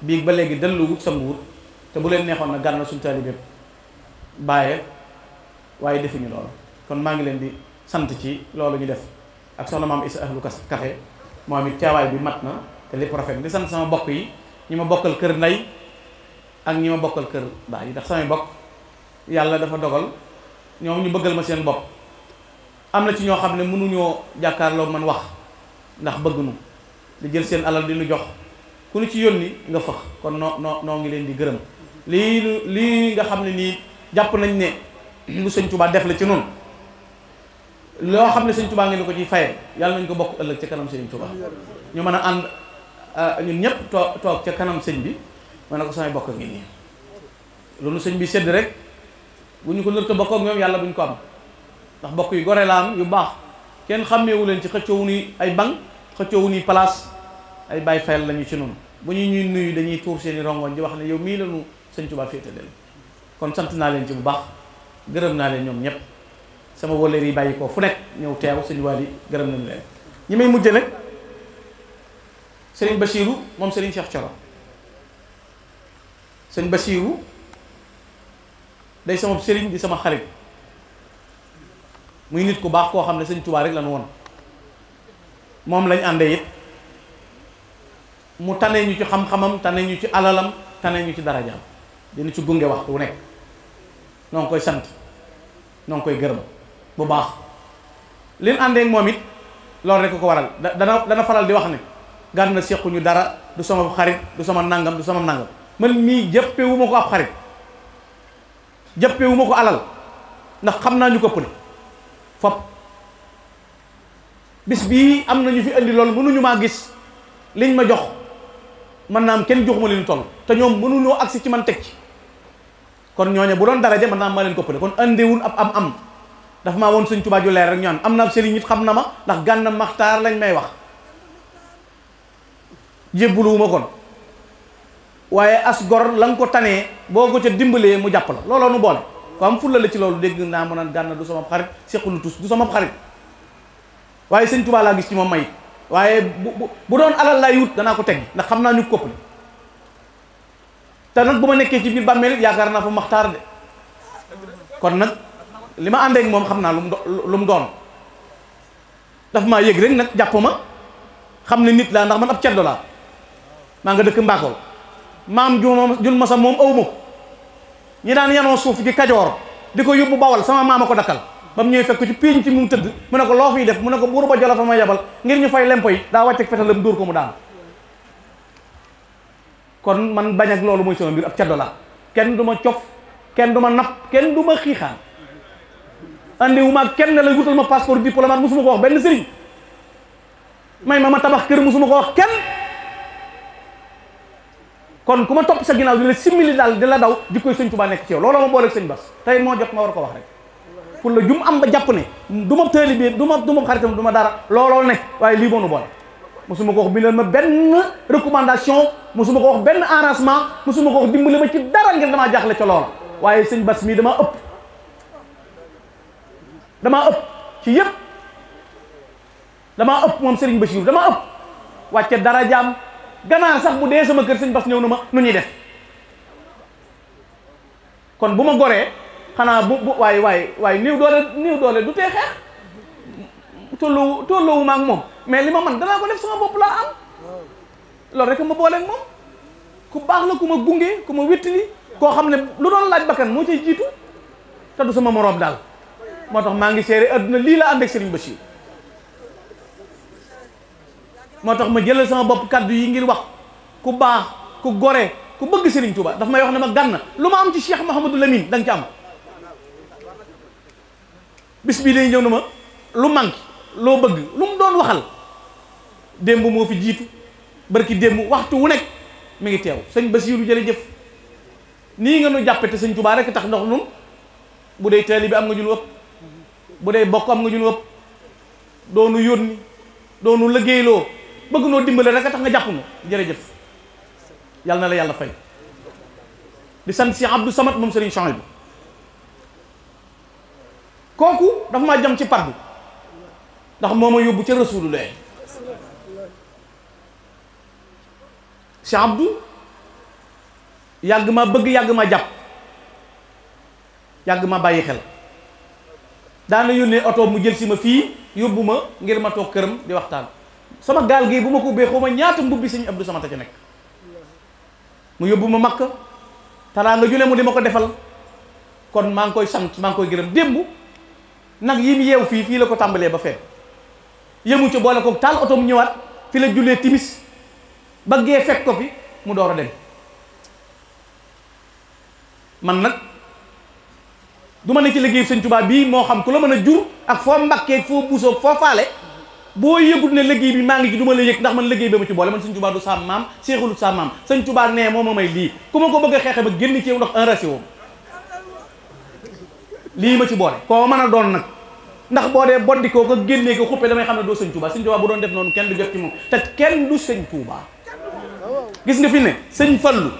biig ba léegi dellu wut sa nguur te bu leen neexoon na gànna suñ taalibeeb bàyyee waaye defuñu loolu kon maa ngi leen di sant ci loolu ñu def ak soxna maam isa ahlu kafe moom it caawaay bi mat na te lépp rafet di sant sama bokk yi ñi ma bokkal kër ndey ak ñi ma bokkal kër baay yi ndax samay bokk yàlla dafa dogal ñoom ñu bëggal ma seen bopp am na ci ñoo xam ne mënuñoo jàkkaarloo man wax ndax bëgg nu di jël seen alal di nu jox ku nu ci yónni nga fëx kon noo noo ngi leen di gërëm lii lii nga xam ne nii jàpp nañ ne lu sëñ Tuubaa def la ci noonu loo xam ne sëñ Tuubaa ngeen ko ciy faye yàlla nañ ko bokk ëllëg ca kanam sëñ Tuubaa ñu mën a ànd ah, ñun ñëpp too toog ca kanam sëñ bi ma ne ko samay bokk ngi nii loolu sëñ bi sedd rek bu ñu ko lërta bokkook ñoom yàlla bu ñu ko am ndax mbokk yu gore laam yu baax kenn xàmmewu leen ci xëccoowu ni ay bank xëccoowu ni place ay bàyyi fayal lañu ci noonu bu ñu ñuy nuyu dañuy tuur seeni rongoñ di wax ne yow mii lañu sëñ Tuubaa féete del kon sant naa leen ci bu baax gërëm naa leen ñoom ñëpp sama wóllëer yi bàyyi ko fu nekk ñëw teew sëñ Waly gërëm nañu leen ñi may mujje nag moom sëriñ Cheikh Thioro sëriñ day sama sëriñ di sama xarit muy nit ku baax koo xam ne sëñ Tuubaa rek la ñu moom lañ àndee it mu tane ñu ci xam-xamam tane ñu ci alalam tane ñu ci darajaam dina ci gunge waxtu wu nekk noo ngi koy sant noo ngi koy gërëm bu baax liñ àndee moom it loolu rekk ko waral da dana dana faral di wax ne gàtt na sequ ñu dara du sama xarit du sama nangam du sama nàngam man mii jëppee wu ma ko ab xarit jëppee ko alal ndax xam naa ñu ko pëne fop bis bii am na ñu fi indi loolu mënuñu maa gis liñ ma jox man naam kenn joxuma ñu toll te ñoom mënuñoo agsi ci man teg ci kon ñooñe bu doon daraja man naam ma leen ko koppale kon indiwul ab am am dafa maa woon sëñ Tuubaa ju leer rek ñaan am na ab sëriñ it xam na ma ndax gànna maxtaar lañ may wax jébbuluwuma kon waaye as gor la ko tanee boo ko ca dimbalee mu jàpp la looloo nu boole ko am fulla la ci loolu dégg naa mu a gànna du sama xarit sequlu tus du sama xarit waaye sëñ Tuubaa laa gis ci moom may waaye bu bu doon alal laay wut danaa ko teg ndax xam naa ñu koppali te nag bu ma nekkee ci biir bàmmeel yaakaar naa fa maxtaar de kon nag li ma àndeek moom xam naa lu mu lu mu doon daf maa yëg rek nag jàpp ma xam ne nit laa ndax man ab ceddo laa maa nga dëkk mbaakool maam ju ma jun ma sa moom aw ma ñi daan yenoo suuf di kajoor di ko yóbbu bawal sama maama ko dakkal ba mu ñëwee fekk ci piiñ ci mu tëdd mu ne ko loo fiy def mu ne ko buur ba jolof ma yabal ngir ñu fay lempo yi daa wàcc ak fetalam dóor ko mu daan kon man bañ ak loolu mooy sama mbir ab caddo la kenn du ma cof kenn du ma napp kenn du ma xiixaan andi wu ma kenn ne la wutal ma passeport diplomate musuma ko wax benn sëriñ may ma ma tabax kër musuma ko wax kenn kon ku ma topp sa ginnaaw di la simmili daal di la daw di koy sëñ Tuubaa nekk ci yow looloo ma booleeg sëñ Bas tey moo jot ma war ko wax rek pour la jum am ba jàpp ne du ma taalibe du ma du ma xaritam du ma dara looloo ne waaye lii moo nu boole mosuma ko wax bindal ma benn recommandation mosuma ko wax benn arrangement mosuma ko wax dimbali ma ci dara ngir damaa jaaxle ca loola waaye sëñ Bas mii damaa ëpp damaa ëpp ci yëpp dama ëpp moom Serigne Bachir damaa ëpp wàcce ganaar sax bu dee sama kër sëñ bas ñëw na ma nu ñuy def kon bu ma goree xanaa bu bu waaye waaye waaye néew doole néew doole du tee xeex tollowu tollowu ma ak moom mais li ma man danaa ko def sama bopp laa am loolu rek ma booleeg moom ku baax la ku ma gunge ku ma wéttali koo xam ne lu doon laaj bakkan moo cay jiitu te sama moroom daal moo tax maa ngi seere adduna lii la ànd ak Serigne Bachir moo tax ma jëlal sama bopp kàddu yi ngir wax ku baax ku gore ku bëgg Serigne tubaa daf may wax ne ma gànn lu ma am ci Cheikh Mouhamadou la da nga ci am bis bii day ñëw na ma lu manqué loo bëgg lu mu doon waxal démb moo fi jiitu bërki démb waxtu wu nekk mi ngi teew sëñ Basiiru jërëjëf nii nga nu jàppe te sëñ Touba rek tax ndox nun bu dee taalibe bi am nga ñun ëpp bu dee bokk am nga ñun ëpp doonu yónni doonu liggéeyloo bëgg noo dimbale rek a tax nga jàpp nu jërëjëf yàlla na la yàlla fay di sant si Abdou Samad moom Serigne Chouaïbou kooku dafa maa jam ci pardu ndax moo ma yóbbu ca Rasulullah si Abdou yàgg ma bëgg yàgg ma jàpp yàgg ma bàyyi xel daana yónnee oto mu jël si ma fii yóbbu ma ngir ma toog këram di waxtaan sama gaal gii bu ma ko ubbee xaw ma ñaata mbubbi sëñ Abdou Samata ci nekk mu yóbbu ma makk taraa nga jule mu di ma ko defal kon maa ngi koy sant maa ngi koy gërëm démb nag yi yeew fii fii la ko tàmbalee ba fekk yëmu ci boole ko taal oto mu ñëwaat fi la jullee timis ba gee fekk ko fi mu door a dem man nag du ma ne ci liggéey sëñ Tuubaa bii moo xam ku la mën a jur ak foo mbakkee foo buusoo foo faale boo yëgut ne liggéey bi maa ngi ci du la yëg ndax man liggéey bi ma ci boole man sëñ Tuubaa du sa maam seexulut sa maam sëñ nee moo ma may lii ku ma ko bëgg a xeexe ba génn ci yow ndax un ratio lii ma ci boole koo man a doon nag ndax boo dee boddikoo ko génnee ko xuppe damay xam ne doo sëñ Tuubaa sëñ Tuubaa bu doon def noonu kenn du jot ci moom te kenn du sëñ Tuubaa gis nga fi ne sëñ Fallu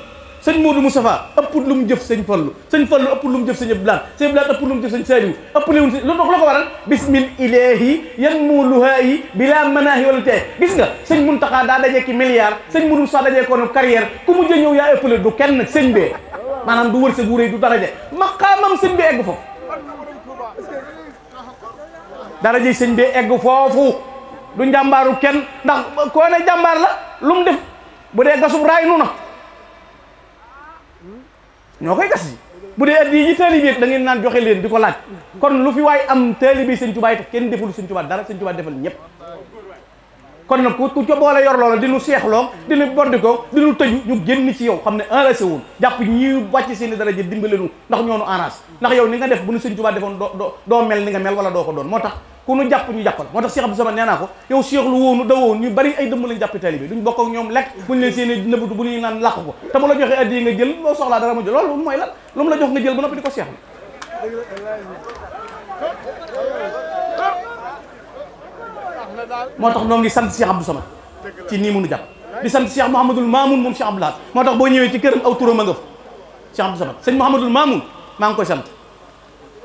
sëñ Modou lu mu jëf sëñ Fallu sëñ lu mu jëf sëñ Abdoulaye sëñ Abdoulaye ëppul lu mu jëf sëñ Saliou ëppale wuñ si loolu la ko waral bismil ilahi yan muuluhaa yi bila manaahi wala tee gis nga sëñ Muntaxa daa dajee ki milliard sëñ Modou Moustapha dajee koon carrière ku mujj ñëw yaa ëppale du kenn sëñ bee maanaam du wërsëg wu rëy du daraja maqaamam sëñ bi egg foofu daraja sëñ bi egg foofu du njàmbaaru kenn ndax koo ne la lu mu def bu dee gasub raay nu na ñoo koy gas ji bu dee addi yi taalibe yi da ngeen naan joxe leen di ko laaj kon lu fi waay am taalibe Sëñ Tuubaa yi kenn deful Sëñ Tuubaa dara Sëñ Tuubaa defal ñëpp kon nag ku ca boole yor loola di lu seexloo di lu bondikoo ñu génn ci yow xam ne enlacé wun jàpp ñi wàcc seen i daraja dimbale nu ndax ñoonu arrange ndax yow ni nga def bu nu Sëñ Tuubaa defoon doo doo mel ni nga mel wala doo ko doon moo tax ku nu jàpp ñu jàppal moo tax Cheikh Abdou Samad nee ko yow Cheikh lu wóonu ñu bari ay dëmm lañ jàppi taalibe duñ bokk ñoom lekk buñ leen seen nëbbutu bu ñuy naan làq ko te mu la joxee addiya moo tax noo ngi sant Cheikh Abdou Samad ci nii mu nu jàpp di sant Cheikh Mouhamadul Mamoun moom Cheikh Abdou Lahad moo tax boo ñëwee ci këram aw turam a nga fa Cheikh Abdou Samad sëñ Mouhamadul Mamoun maa ngi koy sant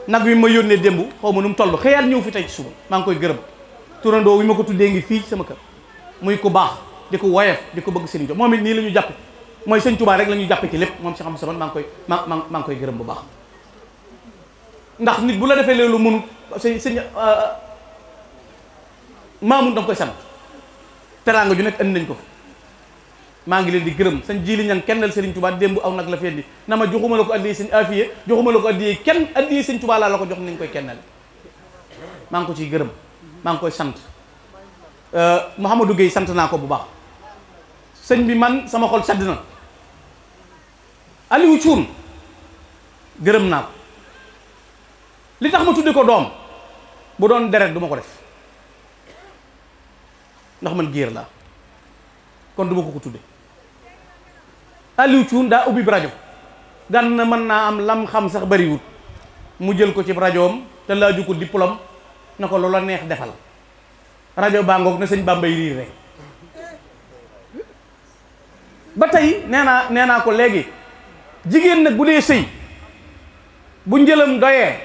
nag wi ma yónnee démb xaw ma nu mu toll xëyaat ñëw fi tey ci suba maa ngi koy gërëm turandoo wi ma ko tuddee ngi fii sama kër muy ku baax di ko woyef di ko bëgg sëriñ jo moom it nii la ñu jàpp mooy sëñ Touba rek la ñu jàpp ci lépp moom si Abdou Samad maa koy maa maa ngi koy gërëm bu baax ndax nit bu la defee loolu mënu sëñ euh, maamun da nga koy sant teraanga ju nekk andi nañ ko maa ngi leen di gërëm sañ jili ñang kennal Serigne Touba démb aw nag la fendi na ma joxuma la ko addiyee sëñ afiye joxuma la ko addiyee kenn addiyee sëñ Touba laa la nañ koy kennal maa ngi ko ciy gërëm maa ngi koy sant euh, Mouhamadou Gueye sant naa ko bu baax sëñ bi man sama xol sedd na Aliou Thioune gërëm naa ko li tax ma tudde ko doom bu doon deret du ma ko def ndax man géer laa kon duma ko ko tudde Aliou Cuun daa ubbi rajo daan na mën naa am lam xam sax bariwut mu jël ko ci rajoom te laaju ko diplôme na ko la neex defal rajo baa ngoog na sëñ Bàmbay riir rek ba tey nee naa nee naa ko léegi jigéen nag bu dee sëy bu njëlam doyee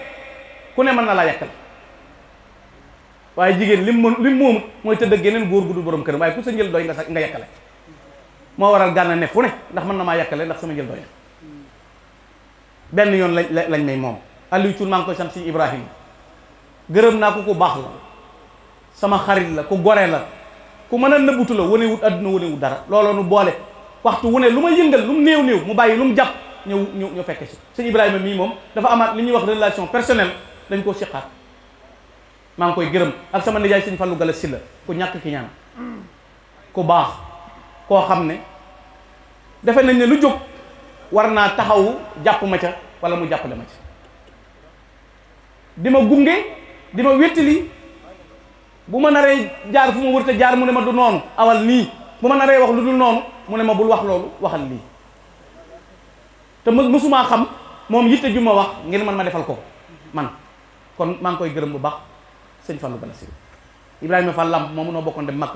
ku ne mën na laa yàkkal waaye jigéen lim mën lim moomut mooy tëdd ak geneen góor gu dul borom këram waaye ku sa njël doy nga sa nga yàkkale moo waral gànna ne fu ne ndax mën na maa yàkkale ndax sama njël doy na benn yoon lañ lañ may moom Aliou Thioune maa ngi koy sant si Ibrahima gërëm naa ko ku baax la sama xarit la ku gore la ku mën a nëbbutu la wane wut àdduna wane wut dara looloo nu boole waxtu wu ne lu ma yëngal lu mu néew néew mu bàyyi lu mu jàpp ñëw ñëw ñëw fekke si sëñ Ibrahima mii moom dafa amaat li ñuy wax relation personnelle dañ koo siqaat maa ngi koy gërëm ak sama nijaay sëñ Fallou Gala Sylla ku ñàkk ki ñaan ku baax koo xam ne defe nañ ne lu jóg war naa taxawu jàpp ma ca wala mu jàppale ma ca di ma gunge di ma wéttali bu ma naree jaar fu ma wërta jaar mu ne ma du noonu awal nii bu ma naree wax lu dul noonu mu ne ma bul wax loolu waxal lii te ma mësumaa xam moom yitte ju ma wax ngeen man ma defal ko man kon maa ngi koy gërëm bu baax sëñ Fallou gën a siiw Ibrahima Fall Lamp moo munoo bokkoon dem mag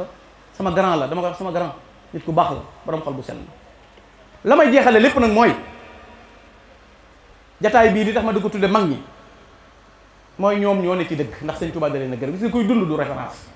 sama grand la dama ko wax sama grand nit ku baax la borom xol bu sell la may jeexale lépp nag mooy jataay bii li tax ma di ko tudde mag ñi mooy ñoom ñoo ne ci dëgg ndax sëñ Touba da leen a gërëm gis nga kuy dund du référence